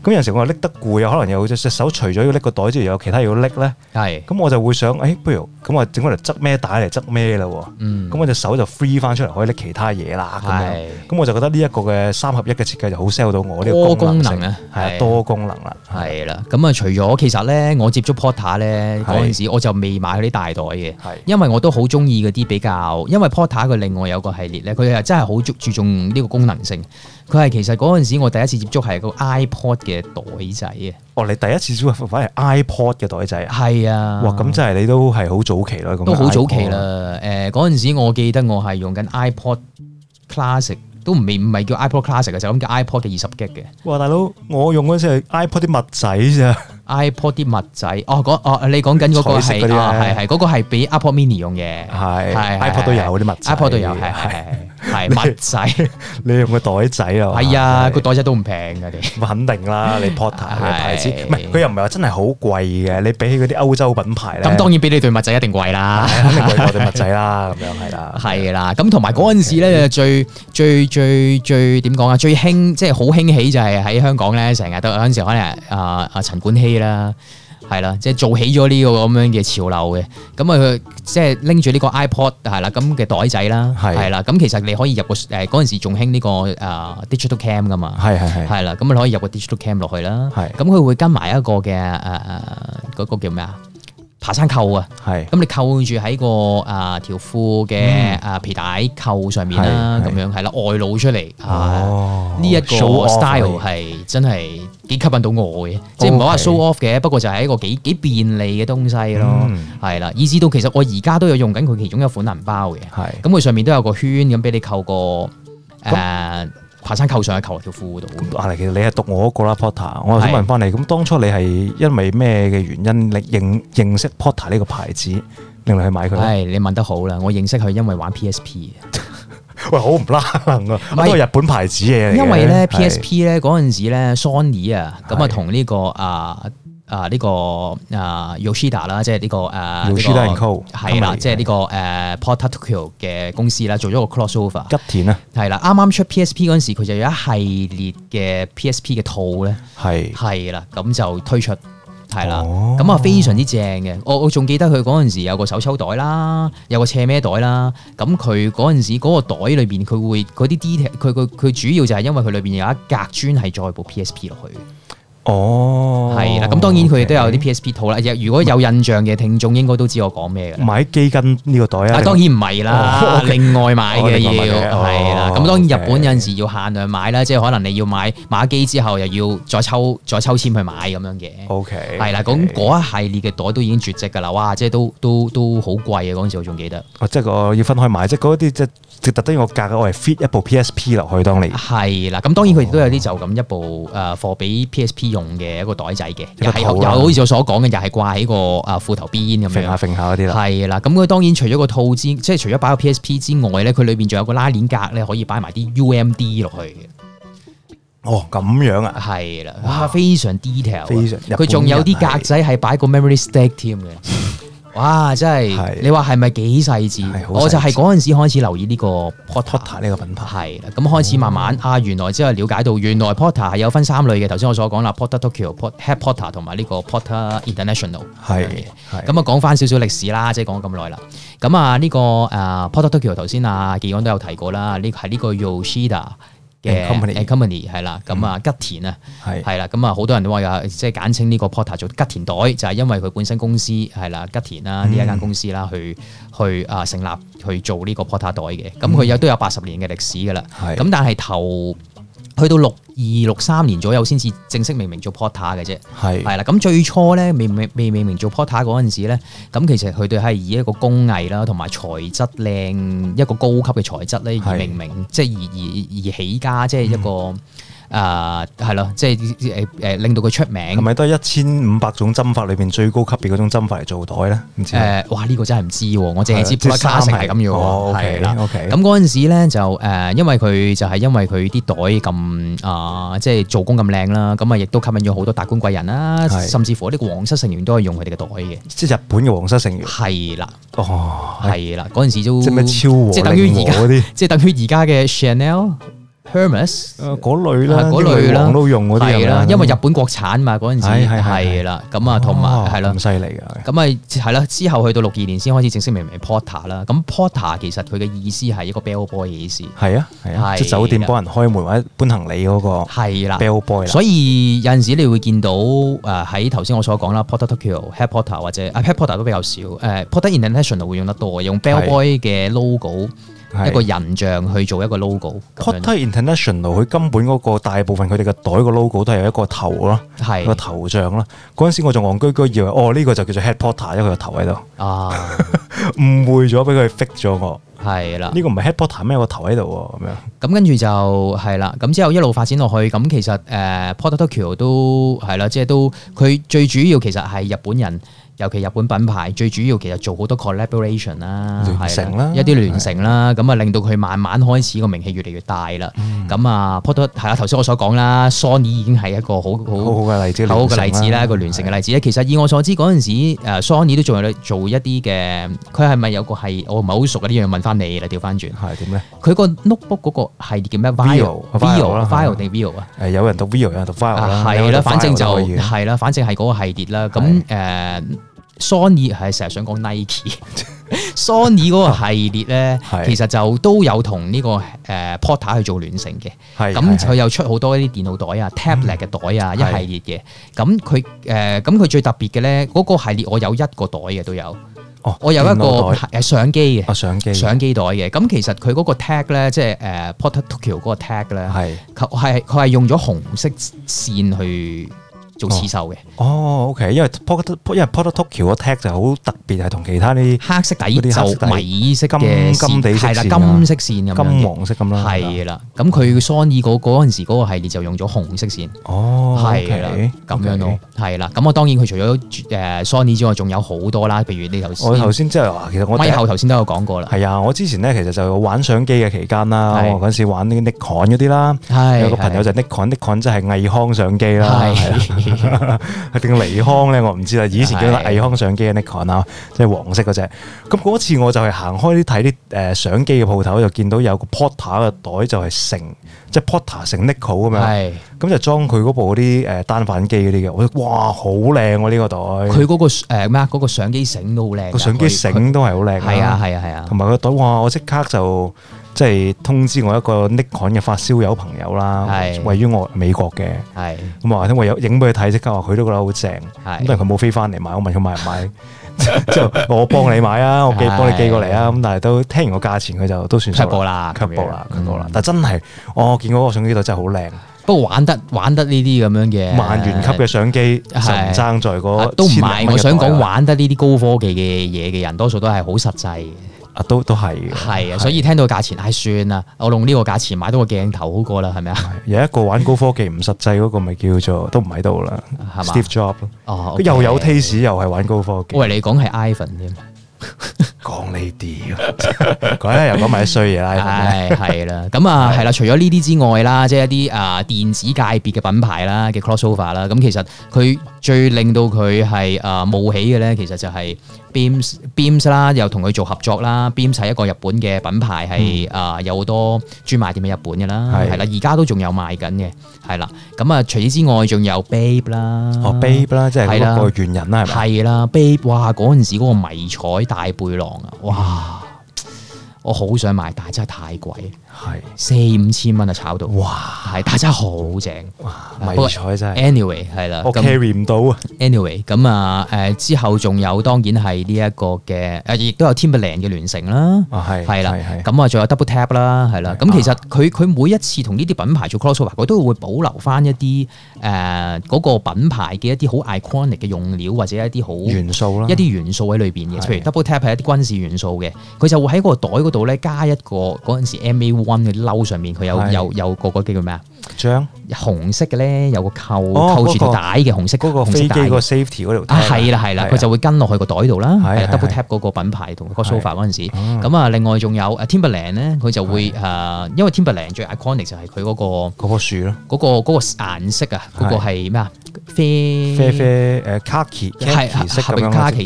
Speaker 1: 咁有陣時我話拎得攰啊，可能有隻隻手除咗要拎個袋之餘，有其他嘢要拎咧。係，咁我就會想，誒，不如咁我整翻嚟斜咩袋嚟斜咩啦喎。咁、嗯、我隻手就 free 翻出嚟，可以拎其他嘢啦。咁係，我就覺得呢一個嘅三合一嘅設計就好 sell 到我呢個功能性咧，多功能啦，係啦。咁啊，係啊，除咗其實咧，我接觸
Speaker 2: Porter 咧嗰陣時，我就未買嗰啲大袋嘅，係，因為我都好中意嗰啲比較，因為 Porter 佢另外有個系列咧，佢係真係好注重呢個功能性。佢係其實嗰陣時，我第一次接觸係個 iPod 嘅袋仔啊！哦，你第一次接觸反而 iPod 嘅袋仔啊？係啊！哇，咁即係你都係好早期啦，咁都好早期啦。誒、呃，嗰陣時我記得我係用緊 iPod classic，都唔未唔係叫 iPod classic 嘅，就咁叫 iPod 嘅二十 G 嘅。哇，大佬，我用嗰陣時係 iPod 啲襪仔咋～iPod 啲物仔，哦哦，你講緊嗰個係啊，係係嗰個係俾 Apple Mini 用嘅，係，係 iPod 都有啲
Speaker 1: 物仔 iPod 都有，係係係物仔，你用個袋仔啊，係啊，個袋仔都唔平嘅，咁肯定啦，你 porter 牌子，唔係佢又唔係話真係好貴嘅，你比起嗰啲歐洲品牌咧，咁當然比你對
Speaker 2: 物仔一定貴啦，一定貴過對物仔啦，咁樣係啦，係啦，咁同埋嗰陣時咧，最最最最點講啊，最興即係好興起就係喺香港咧，成日都嗰陣時可能啊啊陳冠希啊，係啦，即係做起咗呢個咁樣嘅潮流嘅，咁啊，佢即係拎住呢個 iPod 係啦咁嘅袋仔啦，係啦，咁其實你可以入個誒，嗰陣時仲興呢個誒、啊、digital cam 噶嘛，係係係，係啦，咁你可以入個 digital cam 落去啦，係，咁佢會跟埋一個嘅誒、啊啊嗰個叫咩啊？爬山扣啊，係咁你扣住喺個啊條褲嘅啊皮帶扣上面啦，咁樣係啦，外露出嚟啊呢一個 style 係真係幾吸引到我嘅，即係唔好話 show off 嘅，不過就係一個幾幾便利嘅東西咯，係啦，以至到其實我而家都有用緊佢其中一款銀包嘅，係咁佢上面都有個圈咁俾你扣個誒。爬山扣上一扣條褲度。
Speaker 1: 咁啊，嗯嗯、其實你係讀我嗰個啦，Porter 是。我又想問翻你，咁當初你係因為咩嘅原因，你認認識 Porter 呢個牌子，令你去買佢？係，你問得好啦，我認識佢因為玩 PSP。 喂，好唔拉啦？啊是。都係日本牌子嘅，因為咧 PSP
Speaker 2: 咧嗰陣時咧 Sony 啊，咁啊同呢個是啊。啊！呢、這個啊，Yoshida 啦，即係呢個誒，係啦，即係呢個誒 Porter Tokyo 嘅公司啦，做咗個 Crossover。吉田啊，係啦，啱啱出 PSP 嗰陣時，佢就有一系列嘅 PSP 嘅套咧，係係是啦，咁就推出係啦，咁啊、哦嗯、非常之正嘅。我我仲記得佢嗰陣時有個手抽袋啦，有個斜孭袋啦，咁佢嗰陣時嗰個袋裏邊佢會嗰啲 detail，佢佢佢主要就係因為佢裏邊有一格專係載部 PSP 落去。
Speaker 1: 哦，係啦，咁當然佢哋都
Speaker 2: 有啲 PSP 套啦。如果有印象嘅聽眾，應該都知我講咩嘅。買機跟呢個袋啊？啊，當然唔係啦，另外買嘅嘢要係啦。咁當然日本有陣時要限量買啦，即係可能你要買買機之後又要再抽再抽籤去買咁樣嘅。O K。係啦，咁嗰一系列嘅袋都已經絕跡㗎啦。哇，即係都都都好貴啊！嗰陣時我仲記得。
Speaker 1: 即係個要分開買，即係嗰啲即係特登，我格，我係 fit 一部 PSP 落去當你。係啦，咁當然佢亦都有啲就
Speaker 2: 咁一部誒貨俾 PSP。用嘅一個袋仔嘅，又係又好似我所講嘅，又係掛喺個啊褲頭邊咁樣。揈下揈下啲啦，係啦。咁佢當然除咗個套之，即係除咗擺個 PSP 之外咧，佢裏邊仲有個拉鏈格咧，可以擺埋啲 UMD 落去嘅。哦，咁樣啊，係啦，哇，哇，非常 detail，非常佢仲有啲格仔係擺個 Memory Stick s t a c k 添嘅。哇！真係，是你話係咪幾細緻？細緻我就係嗰陣時開始留意呢個 Porter 呢個品牌，係咁開始慢慢、哦、啊，原來即係了解到原來 Porter 係有分三類嘅。頭先我所講啦 Porter Tokyo Port, Porter, 的、Head Porter 同埋呢個 Porter International 係。咁啊的，講翻少少歷史啦，即係講咁耐啦。咁啊、這個，呢個誒 Porter Tokyo 頭先啊技安都有提過啦，呢係呢個 Yoshida 嘅 and company 係啦、嗯，咁啊吉田啊係係啦，咁啊好多人都話啊，即、就、係、是、簡稱呢個 Porter 做吉田袋，就係、是、因為佢本身公司係啦吉田啦呢一間公司啦去、嗯、去啊成立去做呢個 Porter 袋嘅，咁佢有都有八十年嘅歷史噶啦，咁的但係頭。去到六二六三年左右先至正式命名做 Porter 嘅啫，係係啦。咁最初咧未未未未，未命名做 Porter 嗰陣時咧，咁其實佢哋係以一個工藝啦，同埋材質靚，一個高級嘅材質咧而命名，即係而而而起家，即係一個。嗯啊，
Speaker 1: 係咯，即係誒誒，令到佢出名，係咪都係一千五百種針法裏邊最高級別嗰種針法嚟做袋咧？唔知誒，哇，呢個真係唔知，我淨係知係咁樣，係啦，咁
Speaker 2: 嗰陣時咧就誒，因為佢就係因為佢啲袋咁啊，即係做工咁靚啦，咁啊，亦都吸引咗好多達官貴人啦，甚至乎呢啲皇室成員都係用佢哋嘅袋嘅，即係日本嘅皇室成員係啦，哦，係啦，嗰陣時都即係咩超即係等於而家啲，即係等於而家嘅 Chanel。Hermes，嗰類啦，嗰類啦，廣度用嗰啲啦，因為日本國產嘛，嗰陣時，係啦，咁啊，同埋係咯，咁犀利噶，咁啊係啦。之後去到六二年先開始正式命名 Porter 啦，咁 Porter 其實佢嘅意思係一個 bell boy 嘅意思，
Speaker 1: 係啊係啊，即酒店幫人開門或者搬行李嗰個係
Speaker 2: 啦 bell boy 啦，所以有陣時你會見到誒喺頭先我所講啦，Porter Tokyo、Head Porter 或者 Head Porter 都比較少，誒 Porter International 會用得多，用 bell boy 嘅 logo。
Speaker 1: 一個人像去做一個 logo Porter International, 樣。Porter International 佢根本嗰、那個大部分佢哋嘅袋個 logo 都係有一個頭咯，是一個頭像啦。嗰陣時我仲戇居居以為哦呢、這個就叫做 Head Porter 一個頭喺度。啊，誤 會咗，俾佢 fix 咗我。係啦的，呢個唔係 Head Porter 咩？個頭喺度喎咁樣。咁跟住就係啦，咁之後一路發展落去，咁其
Speaker 2: 實誒、uh, Porter Tokyo 都係啦，即係、就是、都佢最主要其實係日本人。尤其日本品牌，最主要其實做好多 collaboration 啦，聯成啦，一啲聯成啦，咁啊令到佢慢慢開始個名氣越嚟越大啦。咁啊，好多係啊頭先我所講啦，Sony 已經係一個好好好嘅例子，好好嘅例子啦，一個聯成嘅例子咧。其實以我所知嗰陣時，Sony 都仲有做一啲嘅，佢係咪有個係我唔係好熟嘅呢樣問翻你啦，調翻轉係點咧？佢個 notebook 嗰個系列叫咩？Vio Vio Vio 定 Vio 啊？誒有
Speaker 1: 人讀 Vio，有人讀 Vio 啦。係啦，反正就係
Speaker 2: 啦，反正係嗰個系列啦。咁誒。Sony 係成日想講 Nike，Sony 嗰個系列咧， 是其實就都有同呢、這個誒、呃、Porter 去做聯乘嘅，咁佢又出好多啲電腦袋啊、tablet 嘅 袋啊一系列嘅，咁佢誒咁佢最特別嘅咧，嗰、那個系列我有一個袋嘅都有，哦，我有一個誒相機嘅，相機相機，相機袋嘅，咁其實佢嗰個 tag 咧，即係誒 Porter Tokyo 嗰個 tag 咧是，係係佢係用咗紅
Speaker 1: 色線去。做刺繡嘅哦，OK，因為 Porter 因為 Porter Tokyo 個 tag 就好特別，係同其他啲黑色底、嗰啲黑色金金金色金色線金黃色
Speaker 2: 咁啦，係啦，咁佢 Sony 嗰嗰陣時嗰個系列就用咗紅色線，
Speaker 1: 哦，係咁樣咯，
Speaker 2: 係啦，咁我當然佢除咗誒 Sony 之
Speaker 1: 外，仲有好多啦，譬如你頭我頭先即係其實我威後頭先都有講過啦，係啊，我之前咧其實就玩相機嘅期間啦，我嗰時玩 nikon 嗰啲啦，有個朋友就 nikon nikon 即係藝康相機啦。定尼 康咧，我唔知啦。以前叫阿毅康相機，nikon 啊，即係黃色嗰隻。咁嗰次我就係行開啲睇啲誒相機嘅鋪頭，就見到有個 Porter 嘅袋就係繩，即、就、係、是、Porter 繩 nikon 咁樣。係咁的就裝佢嗰部嗰啲誒單反機嗰啲嘅。我覺得哇，好靚喎！呢、這個袋，佢嗰、那個誒咩？嗰、呃那個相機
Speaker 2: 繩都好靚，個
Speaker 1: 相機繩都係好靚。係啊，係啊，係啊。同埋個袋哇，我即刻就。即係通知我一個 Nikon 嘅發燒友朋友啦，係位於我美國嘅，係咁啊，因我有影俾佢睇，即刻話佢都覺得好正，咁但佢冇飛翻嚟買，我問佢買唔買，就我幫你買啊，我寄幫你寄過嚟啊，咁但係都聽完個價錢，佢就都算出報啦，啦，但真係我見到個相機袋真係好靚，不過玩得玩得呢啲咁樣嘅萬元級嘅相機，係爭在嗰都唔係，我想講
Speaker 2: 玩得呢啲高科技嘅嘢嘅人，多數都係好實際嘅。啊，都都係，係啊，所以聽到價錢，唉，算啦，我用呢個價錢買到個鏡頭好過啦，係咪啊？有
Speaker 1: 一個玩高科技唔實際嗰個，咪叫做都唔喺度啦，Steve Jobs 哦，又有 taste，又係玩高科技。喂，你講係 iPhone 添？講呢啲，嗰啲又講埋啲衰嘢啦。唉，係啦，
Speaker 2: 咁啊，係啦，除咗呢啲之外啦，即係一啲啊電子界別嘅品牌啦嘅 crossover 啦，咁其實佢最令到佢係啊冒起嘅咧，其實就係。Beams Beams 啦，又同佢做合作啦。Beams 係一個日本嘅品牌，係啊、嗯呃、有好多專賣店喺日本嘅啦，係啦是的，而家都仲有賣緊嘅，係啦。咁、嗯、啊，除此之外，仲有 Bape、哦、Bape 啦、那個，哦的 Bape 啦，即係嗰個猿人啦，係咪？係啦 Bape 哇，嗰陣時嗰個迷彩大背囊啊，哇，我好想買，但係真係太貴。係四五千蚊啊！炒到哇，係大家好正哇！迷彩真，anyway 係啦，我 carry 唔到啊。anyway 咁啊誒之後仲有當然係呢一個嘅誒亦都有 Timberland 嘅聯乘啦，係係啦，咁啊仲有 Double Tap 啦，係啦。咁其實佢佢每一次同呢啲品牌做 collaboration 佢都會保留翻一啲誒嗰個品牌嘅一啲好 iconic 嘅用料或者一啲好元素啦，一啲元素喺裏邊嘅，譬如 Double Tap 係一啲軍事元素嘅，佢就會喺個袋嗰度咧加一個嗰陣時 MA。彎嘅嬲上面，佢有是的 有有，有個嗰啲叫咩啊？.張紅色嘅咧，有個扣
Speaker 1: 扣住啲帶
Speaker 2: 嘅紅色嗰個飛機個 safety
Speaker 1: 嗰條帶，係啦，係啦，佢就會
Speaker 2: 跟落去個袋度啦。係 double tap 嗰個品牌同個 sofa 嗰陣時，咁啊另外仲有啊 Timberland 咧，佢就會誒，因為 Timberland 最 iconic 就係佢嗰個嗰棵樹咯，嗰個嗰個顏色啊，嗰個係咩啊？啡啡啡誒卡其，卡其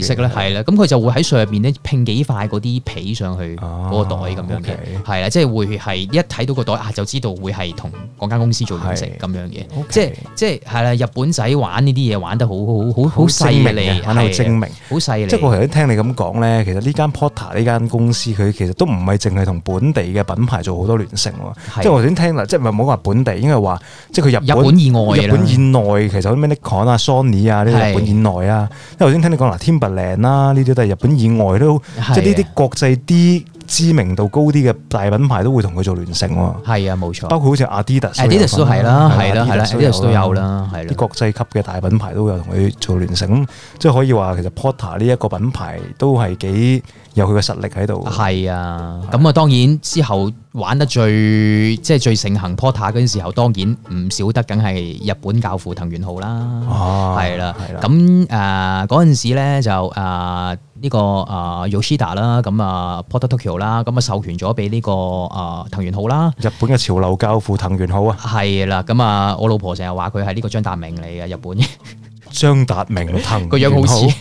Speaker 2: 色咁樣咯。咁佢就會喺上邊咧拼幾塊嗰啲皮上去嗰個袋咁樣嘅，係啦，即係會係一睇到個袋啊就知道會係同嗰間。公司做連接咁樣嘅，即係即係係啦。日本仔玩呢啲嘢玩得好好好好細緻啊，又精明，好細緻。即係我
Speaker 1: 頭先聽你咁講咧，其實呢間 Porter 呢間公司佢其實都唔係淨係同本地嘅品牌做好多聯乘喎。即係我頭先聽啦，即係唔係好話本地，應該話即係佢日本以外、日本以外其實咩 Nikon 啊、Sony 啊呢個日本以外啊。因為頭先聽你講嗱 Timberland 啦，呢啲都係日本以外都即係呢啲國際啲。知名度高啲嘅大品牌都會同佢做聯乘喎，係啊冇錯，包括好似 Adidas，Adidas 都係啦，係啦係啦，Adidas 都有啦，係啦，啲國際級嘅大品牌都有同佢做聯乘，即係可以話其實 Porter 呢一個品牌都係幾有佢個實力喺度。係啊，咁啊當然
Speaker 2: 之後玩得最即係最盛行 Porter 嗰陣時候，當然唔少得梗係日本教父藤原浩啦。哦、啊，係啦、啊，係啦、啊。咁誒嗰陣時咧就誒呢、呃這個、呃、ida, 啊 Yoshida 啦，咁啊 Porter Tokyo 啦，咁啊授權咗俾呢個啊、呃、藤原浩啦。日本嘅潮流教父藤原浩啊。係啦，咁啊我老婆成日話佢係呢個張達明嚟嘅日本嘅。張達明藤原浩。個樣好似。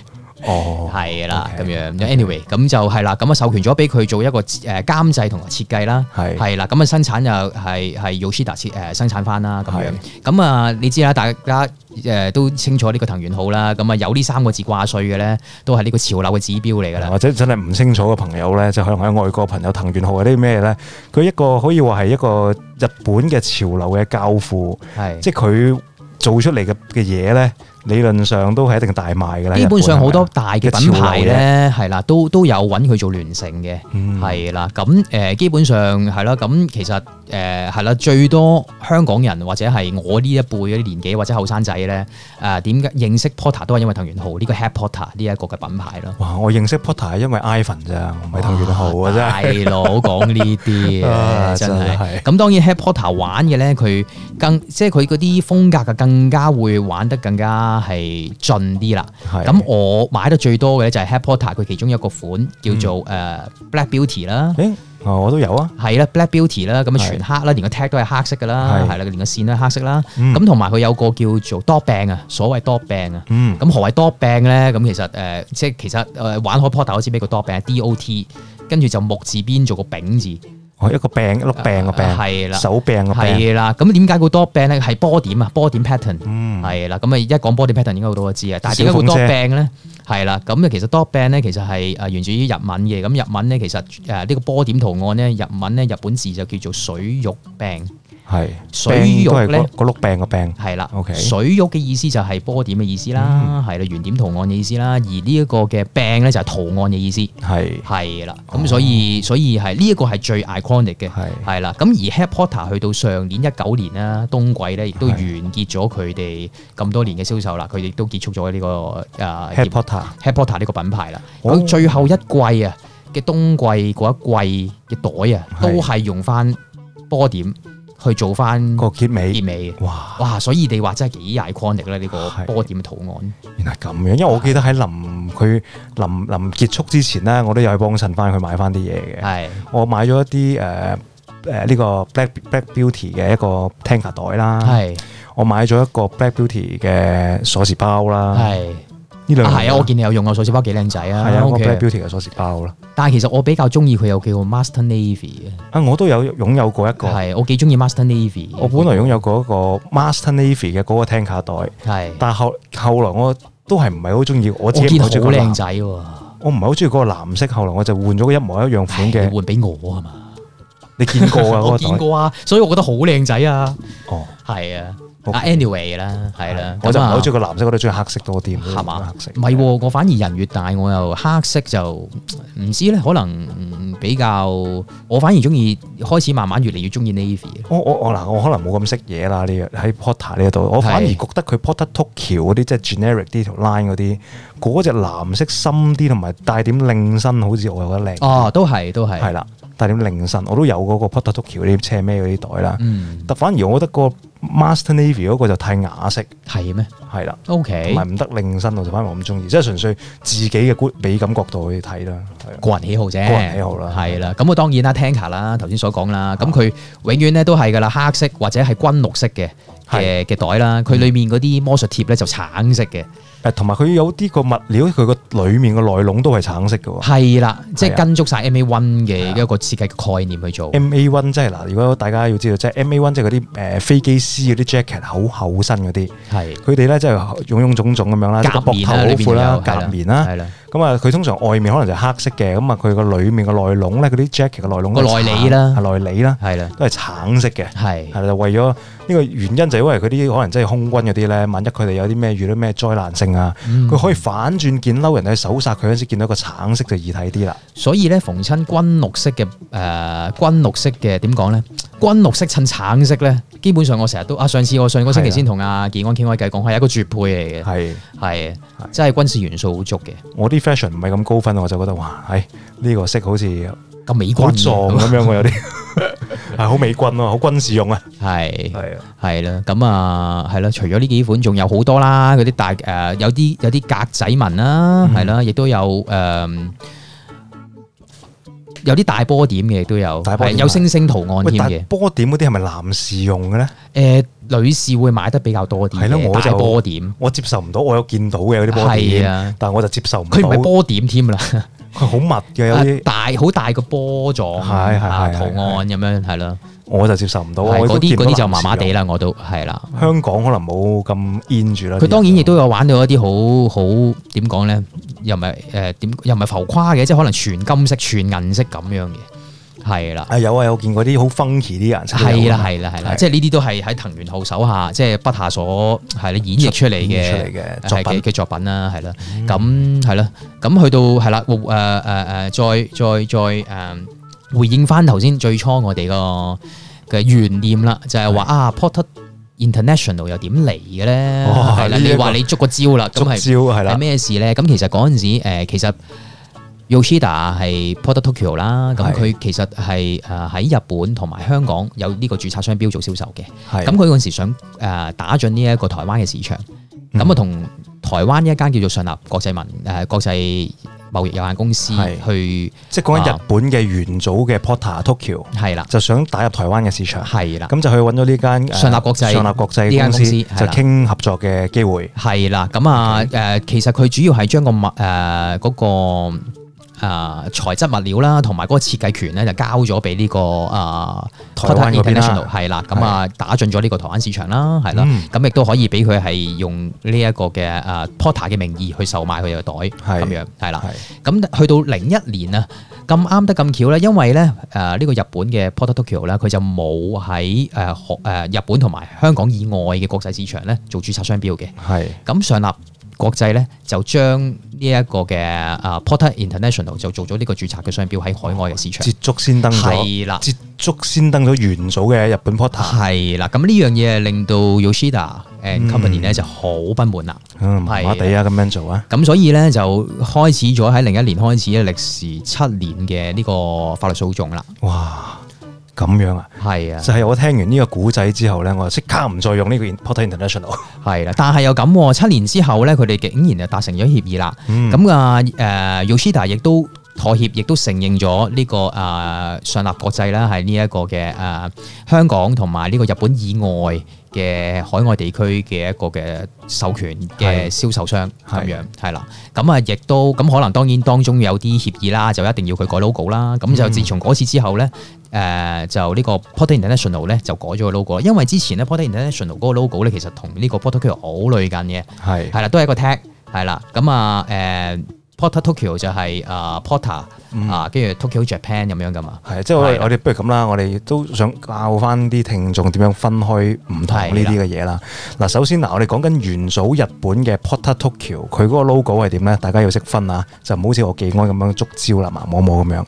Speaker 2: 哦，係啦的，咁 okay, 樣，anyway，okay ,咁就係啦，咁啊授權咗俾佢做一個誒監製同埋設計啦，係係啦，咁啊生產又係係 Yoshida 誒生產翻啦，咁樣，咁啊的你知啦，大家誒、呃、都清楚呢個藤原浩啦，咁啊有呢三個字掛稅嘅咧，
Speaker 1: 都係呢個潮流嘅指標嚟噶啦。或者真係唔清楚嘅朋友咧，就可能喺外國朋友藤原浩係啲咩咧？佢一個可以話係一個日本嘅潮流嘅教父，係的的即係佢做出嚟嘅嘅嘢咧。理論上都係一定大賣嘅咧。基本上好多大嘅品牌咧，係啦，都都有揾佢做聯乘嘅，係啦。咁誒，基
Speaker 2: 本上係啦。咁其實誒係啦，最多香港人或者係我呢一輩嗰啲年紀或者後生仔咧，誒點解認識 Porter 都係因為藤原浩呢、呢個 Head Porter 呢一個嘅品牌咯。哇！我認識 Porter 係因為 Ivan 咋，唔係藤原浩啊真係。大佬講呢啲真係。咁當然 Head Porter 玩嘅咧，佢更即係佢嗰啲風格嘅更加會玩得更加。係近啲啦，咁我買得最多嘅咧就係 Head Porter 佢其中一個款叫做誒 Black Beauty 啦、嗯，誒、啊、我都有啊，係啦、啊、Black Beauty 啦，咁全黑啦，連個 tag 都係黑色噶啦，係啦是、啊，連個線都係黑色啦，咁同埋佢有，有個叫做多病啊，bang, 所謂多病啊，咁、嗯、何謂多病咧？咁其實誒、呃、即係其實誒玩開 Head Porter 好似俾個多病 DOT，跟住就木字邊做個丙字。哦，一個病、啊、一碌病嘅病，係啦的，手病嘅病，啦。咁點解叫多病咧？係波點啊，波點 pattern，係啦、嗯。咁啊，一講波點 pattern，應該好多都知啊。嗯、但係點解叫多病咧？係啦。咁啊，其實多病咧，其實係誒源自於日文嘅。咁日文咧，其實誒呢個波點圖案咧，日文咧，日本字就叫做水玉病。
Speaker 1: 係水玉咧，個碌病個病
Speaker 2: 係啦。OK，水玉嘅意思就係波點嘅意思啦，係啦，原點圖案嘅意思啦。而呢一個嘅病咧就係圖案嘅意思係係啦。咁所以所以係呢一個係最 iconic 嘅，係係啦。咁而 Head Porter 去到上年一九年啦，冬季咧亦都完結咗佢哋咁多年嘅銷售啦。佢亦都結束咗呢個啊 Head Porter Head Porter 呢個品牌啦。咁最後一季啊嘅冬季嗰一季嘅袋啊，都係用翻波點。去做翻個結尾，結尾，哇哇！哇所以你話真係幾 iconic 咧呢個波點嘅圖案。
Speaker 1: 原來咁樣，因為我記得喺臨佢臨臨結束之前咧，我都有去幫襯翻佢買翻啲嘢嘅。係是，我買咗一啲誒誒呢個 black black beauty 嘅一個 Tanker、er、袋啦。係是，我買咗一個 black beauty 嘅鎖匙包啦。係。呢兩係啊！我見你有用啊，鎖匙
Speaker 2: 包幾靚仔啊！係啊，我幾中意 Beauty 嘅
Speaker 1: 鎖匙包啦。
Speaker 2: 但係其實我比較中意佢有叫 Master Navy
Speaker 1: 啊，我都有擁有過一個。係，我幾中意 Master Navy。我本來擁有過一個 Master Navy 嘅嗰個 Tanker 袋。係。但後後來我都係唔係好中意。我見到好靚仔喎。我唔係好中意嗰個藍色，後來我就換咗個一模一樣款嘅。換俾我係嘛？你見過啊？我見過
Speaker 2: 啊，所以我覺得好靚仔啊。
Speaker 1: 哦，係啊。anyway 啦，係
Speaker 2: 啦，anyway，嗯、我就唔好中意藍色，嗯、我都中意黑色多啲，係嘛？唔係，我反而人越大，我又黑色就唔知咧，可能比較，我反而中意開始慢慢越嚟越中意 navy。
Speaker 1: 我我嗱，我可能冇咁識嘢啦，呢個喺 Porter 呢度，我反而覺得佢 Porter Tokyo 嗰啲即係 generic 啲條 line 嗰啲，嗰、那、隻、個、藍色深啲，同埋帶點令身，好似我覺得靚。哦，都係，都係，係啦。但係點靈神，我都有嗰個 Porter 嗰啲斜孭嗰啲袋啦。嗯，但反而我覺得個 Master Navy 嗰個就太啞色，係咩？係啦，OK，同埋唔得靈神，我就反而唔咁中意，即係純粹自己嘅觀美感角度去睇啦，係個人喜好啫，個人喜好啦，係啦。咁啊當然啦，Tanker 啦，
Speaker 2: 頭先所講啦，咁佢永遠咧都係㗎啦，黑色或者係軍綠色嘅。嘅嘅袋啦，佢裏面嗰啲魔術貼咧就橙色嘅，誒同埋佢有啲個物料，佢個裏
Speaker 1: 面嘅內籠都係橙色嘅喎。係啦，即係跟足晒 MA1 嘅一個設計概念去做。MA1 即係嗱，如果大家要知道，即係 MA1 即係嗰啲誒飛機師嗰啲 jacket 好厚身嗰啲，係佢哋咧即係臃臃腫腫咁樣啦，夾面啦、啊，夾面啦，係啦、啊。咁啊，佢通常外面可能就黑色嘅，咁啊，佢個裏面嘅內籠咧，嗰啲 jacket 嘅內籠個內裏啦，係內裏啦，係啦，都係橙色嘅，係係啦，為咗呢個原因就因為佢啲可能真係空軍嗰啲咧，萬一佢哋有啲咩遇到咩災難性啊，佢、嗯、可以反轉見嬲人去搜殺佢嗰時，見到一個橙色就易睇啲啦。嗯、所以咧逢親軍綠色嘅誒，呃、軍
Speaker 2: 綠色嘅點講咧？軍綠色襯橙色咧，基本上我成日都啊，上次我上個星期先同阿健安傾開偈講，係一個絕配嚟嘅，係係，即係軍事元素好足嘅。我啲
Speaker 1: fashion 唔係咁高分，我就覺得哇，係呢個色好似咁美軍裝咁樣，我有啲係好美軍咯，好軍事用啊，係係係啦，咁啊
Speaker 2: 係啦，除咗呢幾款，仲有好多啦，嗰啲大誒，有啲有啲格仔紋啦，係啦，亦都有誒。有啲大波點嘅都有大，有星星圖案嘅。波點嗰啲係咪男士用嘅咧？誒、呃，女士會買得比
Speaker 1: 較多啲嘅。我就波點，我接受唔到。我有見到嘅嗰啲波點，的但係我就接受唔到。佢唔係波
Speaker 2: 點添啦。 佢好密嘅，有啲大好大個波狀，係係圖案咁樣，係咯，我就接受唔到。嗰啲嗰啲就麻麻地啦，我都係啦。香港可
Speaker 1: 能冇咁 in 住啦。佢當然
Speaker 2: 亦都有玩到一啲好好點講咧，又唔係誒點，又唔係浮誇嘅，即係可能全金色、全銀色咁樣嘅。係啦，啊有啊有，見過啲好 funky 啲人出嚟，係啦係啦係啦，即係呢啲都係喺藤原浩手下，即係筆下所係咧演繹出嚟嘅出嚟嘅作品嘅作品啦，係啦，咁係啦，咁去到係啦，誒誒誒，再再再誒，回應翻頭先最初我哋個嘅原念啦，就係話啊 Porter International 又點嚟嘅咧？哦，係啦，你話你捉個招啦，捉招係啦，咩事咧？咁其實嗰陣時誒，其實。Yoshida 係 Porter Tokyo 啦，咁佢其實係誒喺日本同埋香港有呢個註冊商標做銷售嘅，咁佢嗰陣時想誒打進呢一個台灣嘅市場，咁啊同台灣一間叫做上立國際民誒國際
Speaker 1: 貿易有限公司去，即係講日本嘅元祖嘅 Porter Tokyo 係啦，就想打入台灣嘅市場係啦，咁就去揾咗呢間上立國際上立國際呢間公司就傾
Speaker 2: 合作嘅機會係啦，咁啊誒其實佢主要係將個物誒嗰個。啊，材質物料啦，同埋嗰個設計權咧，就交咗俾呢個啊台灣嘅 International 係啦，咁啊打進咗呢個台灣市場啦，係啦，咁亦都可以俾佢係用呢、這、一個嘅啊 Porter 嘅名義去售賣佢嘅袋，係咁是樣係啦，咁是去到零一年啊，咁啱得咁巧咧，因為咧誒呢、啊這個日本嘅 Porter Tokyo 咧，佢就冇喺誒學誒日本同埋香港以外嘅國際市場咧做註冊商標嘅，係咁是上立國際咧就將。呢一個嘅啊 Porter International 就做咗呢個註冊嘅商標喺海外嘅市場，捷足先登咗啦，是的 捷足先登咗元祖嘅日本 Porter 係啦，咁呢樣嘢令到 Yoshida and Company 咧、嗯、就好不滿啦，嗯，麻麻地啊咁樣做啊，咁所以咧就開
Speaker 1: 始咗喺零一年開始嘅歷時七年嘅呢個法律訴訟啦，哇！咁樣啊，係啊，就係我聽完呢個古仔之後咧，我就即刻唔再用呢個 Porter International。
Speaker 2: 係啦，但係又咁七年之後咧，佢哋竟然就達成咗協議啦。咁啊、嗯，誒、呃、Yoshida 亦都妥協，亦都承認咗呢、這個誒、呃、上立國際啦，係呢一個嘅誒香港同埋呢個日本以外嘅海外地區嘅一個嘅授權嘅銷售商咁是的 樣係啦。咁啊，亦都咁可能當然當中有啲協議啦，就一定要佢改 logo 啦。咁、嗯、就自從嗰次之後咧。that 誒、呃、就呢個 Porter International 咧就改咗個 logo，因為之前咧 Porter International 嗰個 logo 咧其實同呢個 Porter Tokyo 好類近嘅，係係啦，都係一個 tag，係啦。咁啊誒、呃、Porter Tokyo 就係、是、啊、呃、Porter、嗯、啊，跟住 Tokyo、ok、Japan 咁樣噶嘛。係的，即係的我
Speaker 1: 哋不如咁啦，我哋都想教翻啲聽眾點樣分開唔同呢啲嘅嘢啦。嗱，是的 首先嗱，我哋講緊元祖日本嘅 Porter Tokyo，佢嗰個 logo 係點咧？大家要識分啊，就唔好似我技安咁樣捉蕉啦，麻懵懵咁樣。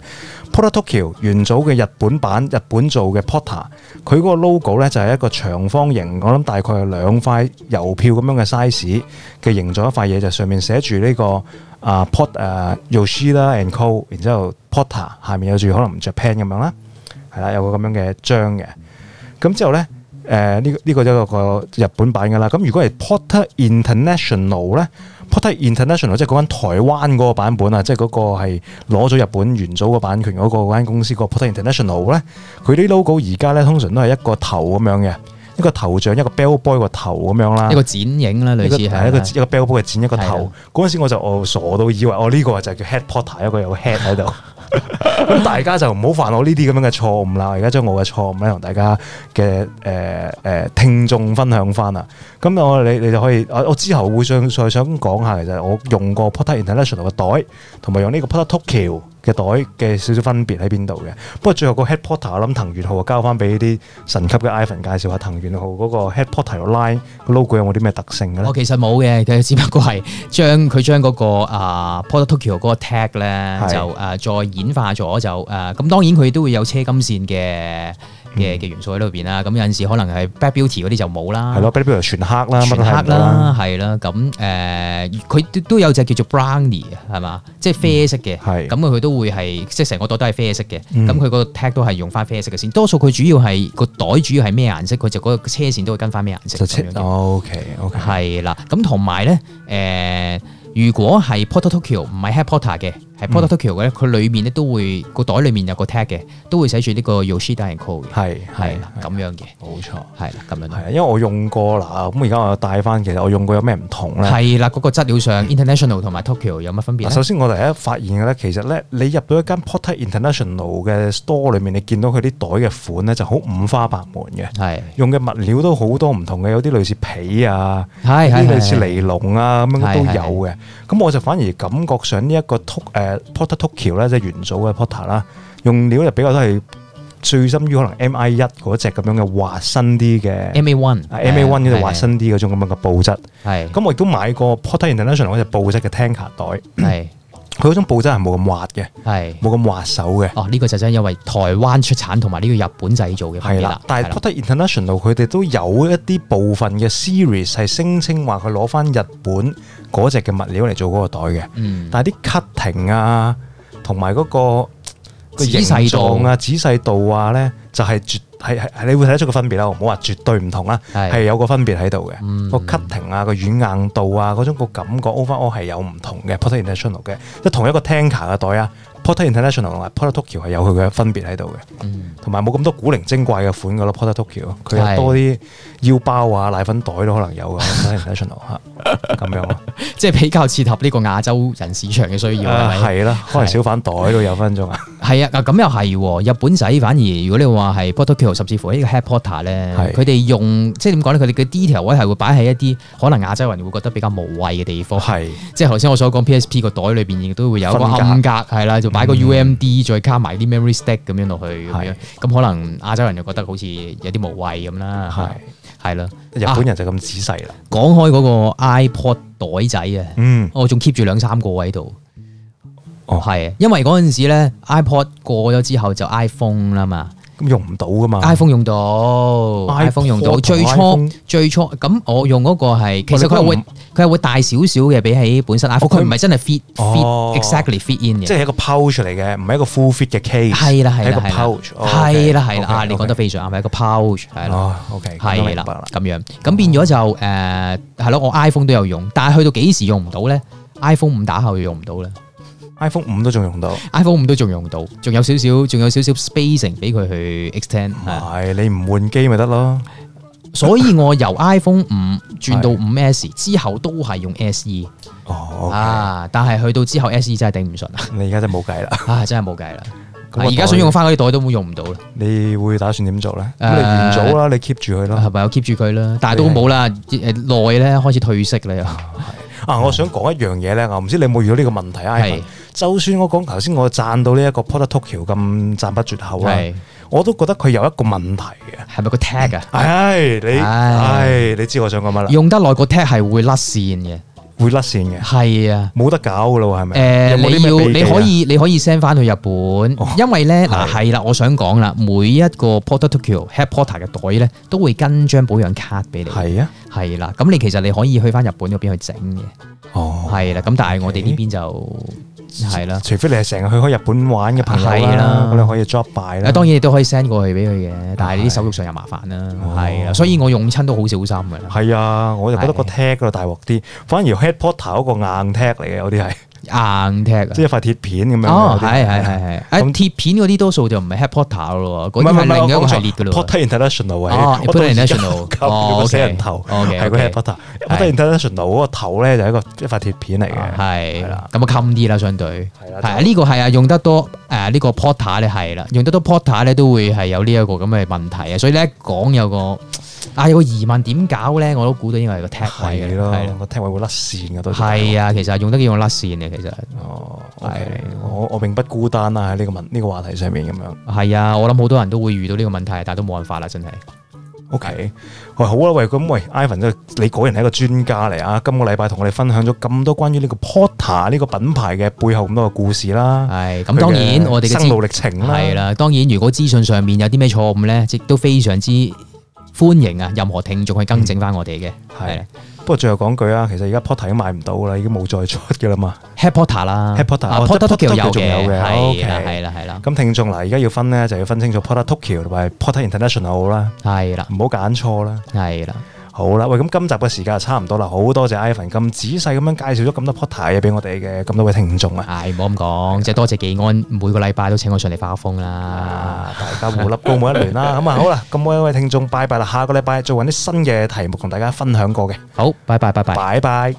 Speaker 1: Porta Tokyo 原祖嘅日本版、日本做嘅 Porta，佢嗰個 logo 咧就係、是、一個長方形，我諗大概係兩塊郵票咁樣嘅 size 嘅形狀一塊嘢，就是、上面寫住呢個啊、uh, Port 誒、uh, Yoshida and Co，然之後 Porter 下面有住可能 Japan 咁樣啦，係啦，有個咁樣嘅章嘅，咁之後咧。誒呢、呃這個呢、這個一個個日本版嘅啦，咁如果係 Porter International 咧呢，Porter International 即係嗰間台灣嗰個版本啊，即係嗰個係攞咗日本元祖嘅版權嗰、那個嗰間公司個 Porter International 咧，佢啲 logo 而家咧通常都係一個頭咁樣嘅，一個頭像一個 bell boy 個頭咁樣啦，一個剪影啦、啊、類似，係一個一個 bell boy 嘅剪一個頭，嗰陣的時我就、哦、傻到以為哦呢、這個就係叫 head Porter 一個有 head 喺度。咁 大家就唔好犯我呢啲咁樣嘅錯誤啦。而家將我嘅錯誤咧同大家嘅誒誒聽眾分享翻啦。咁我你你就可以，我我之後會上再想講下，其實我用過 Porter International 嘅袋，同埋用呢個 Porter Tokyo。嘅袋嘅少少分別喺邊度嘅？不過最後個《Head Porter》，我諗藤原浩交翻俾啲神級嘅 Ivan 介紹下藤原浩嗰個《Head Porter》嘅 line 嘅 logo 有冇啲咩特性嘅咧？我，其實冇嘅，佢只不過係將佢將嗰、那個啊《Porter Tokyo
Speaker 2: 嗰個 tag 咧的就誒、啊、再演化咗就誒咁，啊、當然佢都會有車金線嘅。嘅嘅元素喺裏邊啦，咁有陣時可能係 Black Beauty 嗰啲就冇啦，係
Speaker 1: 咯，全黑
Speaker 2: 啦，全黑啦，係啦，咁誒佢都有隻叫做 brownie 係嘛，即係啡色嘅，係，咁佢都會係即係成個袋都係啡色嘅，咁佢、嗯、個 tag 都係用翻啡色嘅線。多數佢主要係個袋主要係咩顏色，佢就嗰個車線都會跟翻咩顏色，就黒實。OK OK 係啦，咁同埋咧誒，如果係 Porter Tokyo 唔係 Head Porter 嘅。係 Porter Tokyo 嘅咧，佢裏面咧都會個袋裏面有個 tag 嘅，都會寫住呢個 Yoshida
Speaker 1: and Co. 嘅。係係咁樣嘅，冇錯，係啦，咁樣。係啊，因為我用過啦，咁而家我帶翻，其實我用過有咩唔同咧？係
Speaker 2: 啦，嗰個質料上 International 同埋 Tokyo 有乜分別咧？首先
Speaker 1: 我哋一發現咧，其實咧你入到一間 Porter International 嘅 store 裏面，你見到佢啲袋嘅款咧就好五花八門嘅。係用嘅物料都好多唔同嘅，有啲類似皮啊，有啲類似尼龍啊咁樣都有嘅。咁我就反而感覺上呢一個 Tok 誒 Porter Tokyo 咧，即係元祖嘅 Porter 啦，用料就比較都係最深於可能 Mi 一嗰隻咁樣嘅滑身啲嘅，Mi One，Mi One 嗰啲滑身啲嗰種咁樣嘅布質。係的，咁我亦都買過 Porter International 嗰隻布質嘅 Tanker 袋。係。佢嗰種布質係冇咁滑嘅，係冇咁滑手嘅。哦，呢、這個就真係因為台灣出產同埋呢個日本製造嘅。係啦，但係 Porter International 佢哋都有一啲部分嘅 series 係聲稱話佢攞翻日本嗰隻嘅物料嚟做嗰個袋嘅。嗯，但係啲 cutting 啊，同埋、那個個個形狀啊、仔細度啊咧，就係、是、絕。係係，是是你會睇得出個分別啦，唔好話絕對唔同啦，係有個分別喺度嘅，個 cutting 啊，個軟硬度啊，嗰種個感覺，over all 係有唔同嘅，production 出嚟嘅，即係同一個 Tanker 嘅袋啊。Porter International 同埋 Porter Tokyo 係有佢嘅分別喺度嘅，同埋冇咁多古靈精怪嘅款㗎咯。Porter Tokyo 佢又多啲腰包啊、奶粉袋都可能有嘅。International 咁樣，即係比較切合呢個亞洲人市場嘅需要係啦、啊吧啊。可能小販
Speaker 2: 袋都有分種啊。係啊，咁又係日本仔反而如果你話係 Porter Tokyo，甚至乎 Porter, 是呢個 Head Porter 咧，佢哋用即係點講咧？佢哋嘅 detail 位係會擺喺一啲可能亞洲人會覺得比較無謂嘅地方，係是即係頭先我所講 PSP 個袋裏邊亦都會有一個暗格係啦。擺個 UMD、嗯、再加埋啲 memory stack s t a c k 咁樣落去咁樣，咁可能亞洲人就覺得好似有啲無謂咁啦，係係咯，的日本人就咁仔細啦。講、啊、開嗰個 iPod 袋仔啊，嗯，我仲 keep 住兩三個喺度，哦係啊，因為嗰陣時咧 iPod 過咗之後就 iPhone 啦嘛。咁用唔到噶嘛？iPhone 用到，iPhone 用到。最初最初咁，我用嗰個係，其實佢係會佢係會大少少嘅，比起本身 iPhone。佢唔係真係 fit fit exactly fit in 嘅，即係一個 pouch 嚟嘅，唔係一個 full fit 嘅 case。係啦係啦，係一個 pouch。係啦係啦，你講得非常啱，係一個 pouch。係啦，OK，係啦，咁樣咁變咗就誒係咯，我 iPhone 都有用，但係去到幾時用唔到咧？iPhone 五打後又用唔到咧？iPhone 五都仲用到，iPhone 五都仲用到，仲有少少，仲有少少 spacing 俾佢去 extend。唔係，你唔換機咪得咯。所以我由 iPhone 五轉到五 S 之後都係用 SE 哦，啊，但係去到之後 SE 真係
Speaker 1: 頂唔順啊。你而家真係冇計啦。啊，真係冇計啦。而家想用翻
Speaker 2: 嗰啲袋都會用
Speaker 1: 唔到啦。你會打算點做咧？咁你原組啦，你 keep 住佢咯。係咪？我 keep 住佢啦。但係都冇啦，耐咧開始褪色啦。啊，我想講一樣嘢咧，我唔知你有冇遇到呢個問題啊？就算我講，頭先，我讚到呢一個 Porter Tokyo 咁讚不絕口啦，我都覺得佢有一個問題嘅，係咪個 tag 啊？係你係你知我想講乜啦？用得耐個 tag 係會甩線嘅，會甩線嘅係啊，冇得搞噶咯，係咪？誒，你要你可以你可以
Speaker 2: send 翻去日本，因為咧嗱係啦，我想講啦，每一個 Porter Tokyo Head Porter 嘅袋咧都會跟張保養卡俾你係啊，係啦，咁你其實你可以去翻日本嗰邊去整嘅哦，係啦，咁但係我哋呢邊就。
Speaker 1: 係啦，除非你係成日
Speaker 2: 去開日本玩嘅朋友啦，咁你、啊、可以 drop by 啦。當然你都可以 send 過去
Speaker 1: 俾佢嘅，但係啲手續上又麻煩啦。係啊，啊，所以我用親都好小心嘅。係啊，我就覺得個 tag 嗰度大鑊啲，啊啊、反而 Head Porter 嗰個硬 tag 嚟嘅，有啲係。 硬踢，即係一塊鐵片咁樣。哦，係係係係，咁鐵片嗰啲多數就唔係 Head Porter 咯，嗰啲係另一個系列噶咯。Porter International 位 Porter International 嗰個死人頭，但係佢係 Porter，Porter International 嗰個頭咧就係一個一塊鐵片嚟嘅，係啦。咁啊，襟啲啦，相
Speaker 2: 對係呢個係啊，用得多誒，呢個 Porter 咧係啦，用得多 Porter 咧都會係有呢一個咁嘅問題啊。所以咧講有個啊有個疑問，點搞咧？我都估到應該係個
Speaker 1: 踢位咯，個踢位會甩線噶都係啊。其實用得幾用甩線其實哦，係、oh, okay. 啊、我我並不孤單啊！喺呢個問呢、這個話題上面咁樣，係啊，我諗好多人都會遇到呢個問題，但係都冇辦法啦，真係。O、okay. K，喂好啦、啊，喂咁喂，Ivan，你你個人係一個專家嚟啊！今個禮拜同我哋分享咗咁多關於呢個 Porter 呢個品牌嘅背後咁多嘅故事啦，係咁、啊，當然我哋嘅心路歷程啦、啊，當然如果資訊上面有啲咩錯誤
Speaker 2: 咧，亦都非常之。歡迎啊！任何聽眾去更正翻我哋嘅，
Speaker 1: 係。不過最後講句啊，其實而家 Porter 都買唔到啦，已經冇再出嘅啦嘛。Head Porter 啦 Head Porter，Porter Tokyo 仲有嘅，OK，係啦係啦。咁聽眾嗱，而家要分咧，就要分清楚 Porter Tokyo 同埋 Porter International 啦，係啦，唔好揀錯啦，係啦。好啦，喂！咁今集嘅時間就差唔多啦，好多謝 Ivan 咁仔細咁樣介紹咗咁多 Porter 嘢俾我哋嘅，咁多位聽眾啊！係唔好咁講，即係多謝技安每個禮拜都請我上嚟發風啦，大家互粒高每一輪啦，咁啊好啦，咁我一位聽眾拜拜啦，下個禮拜做緊啲新嘅題目同大家分享過嘅，好拜拜拜拜拜拜。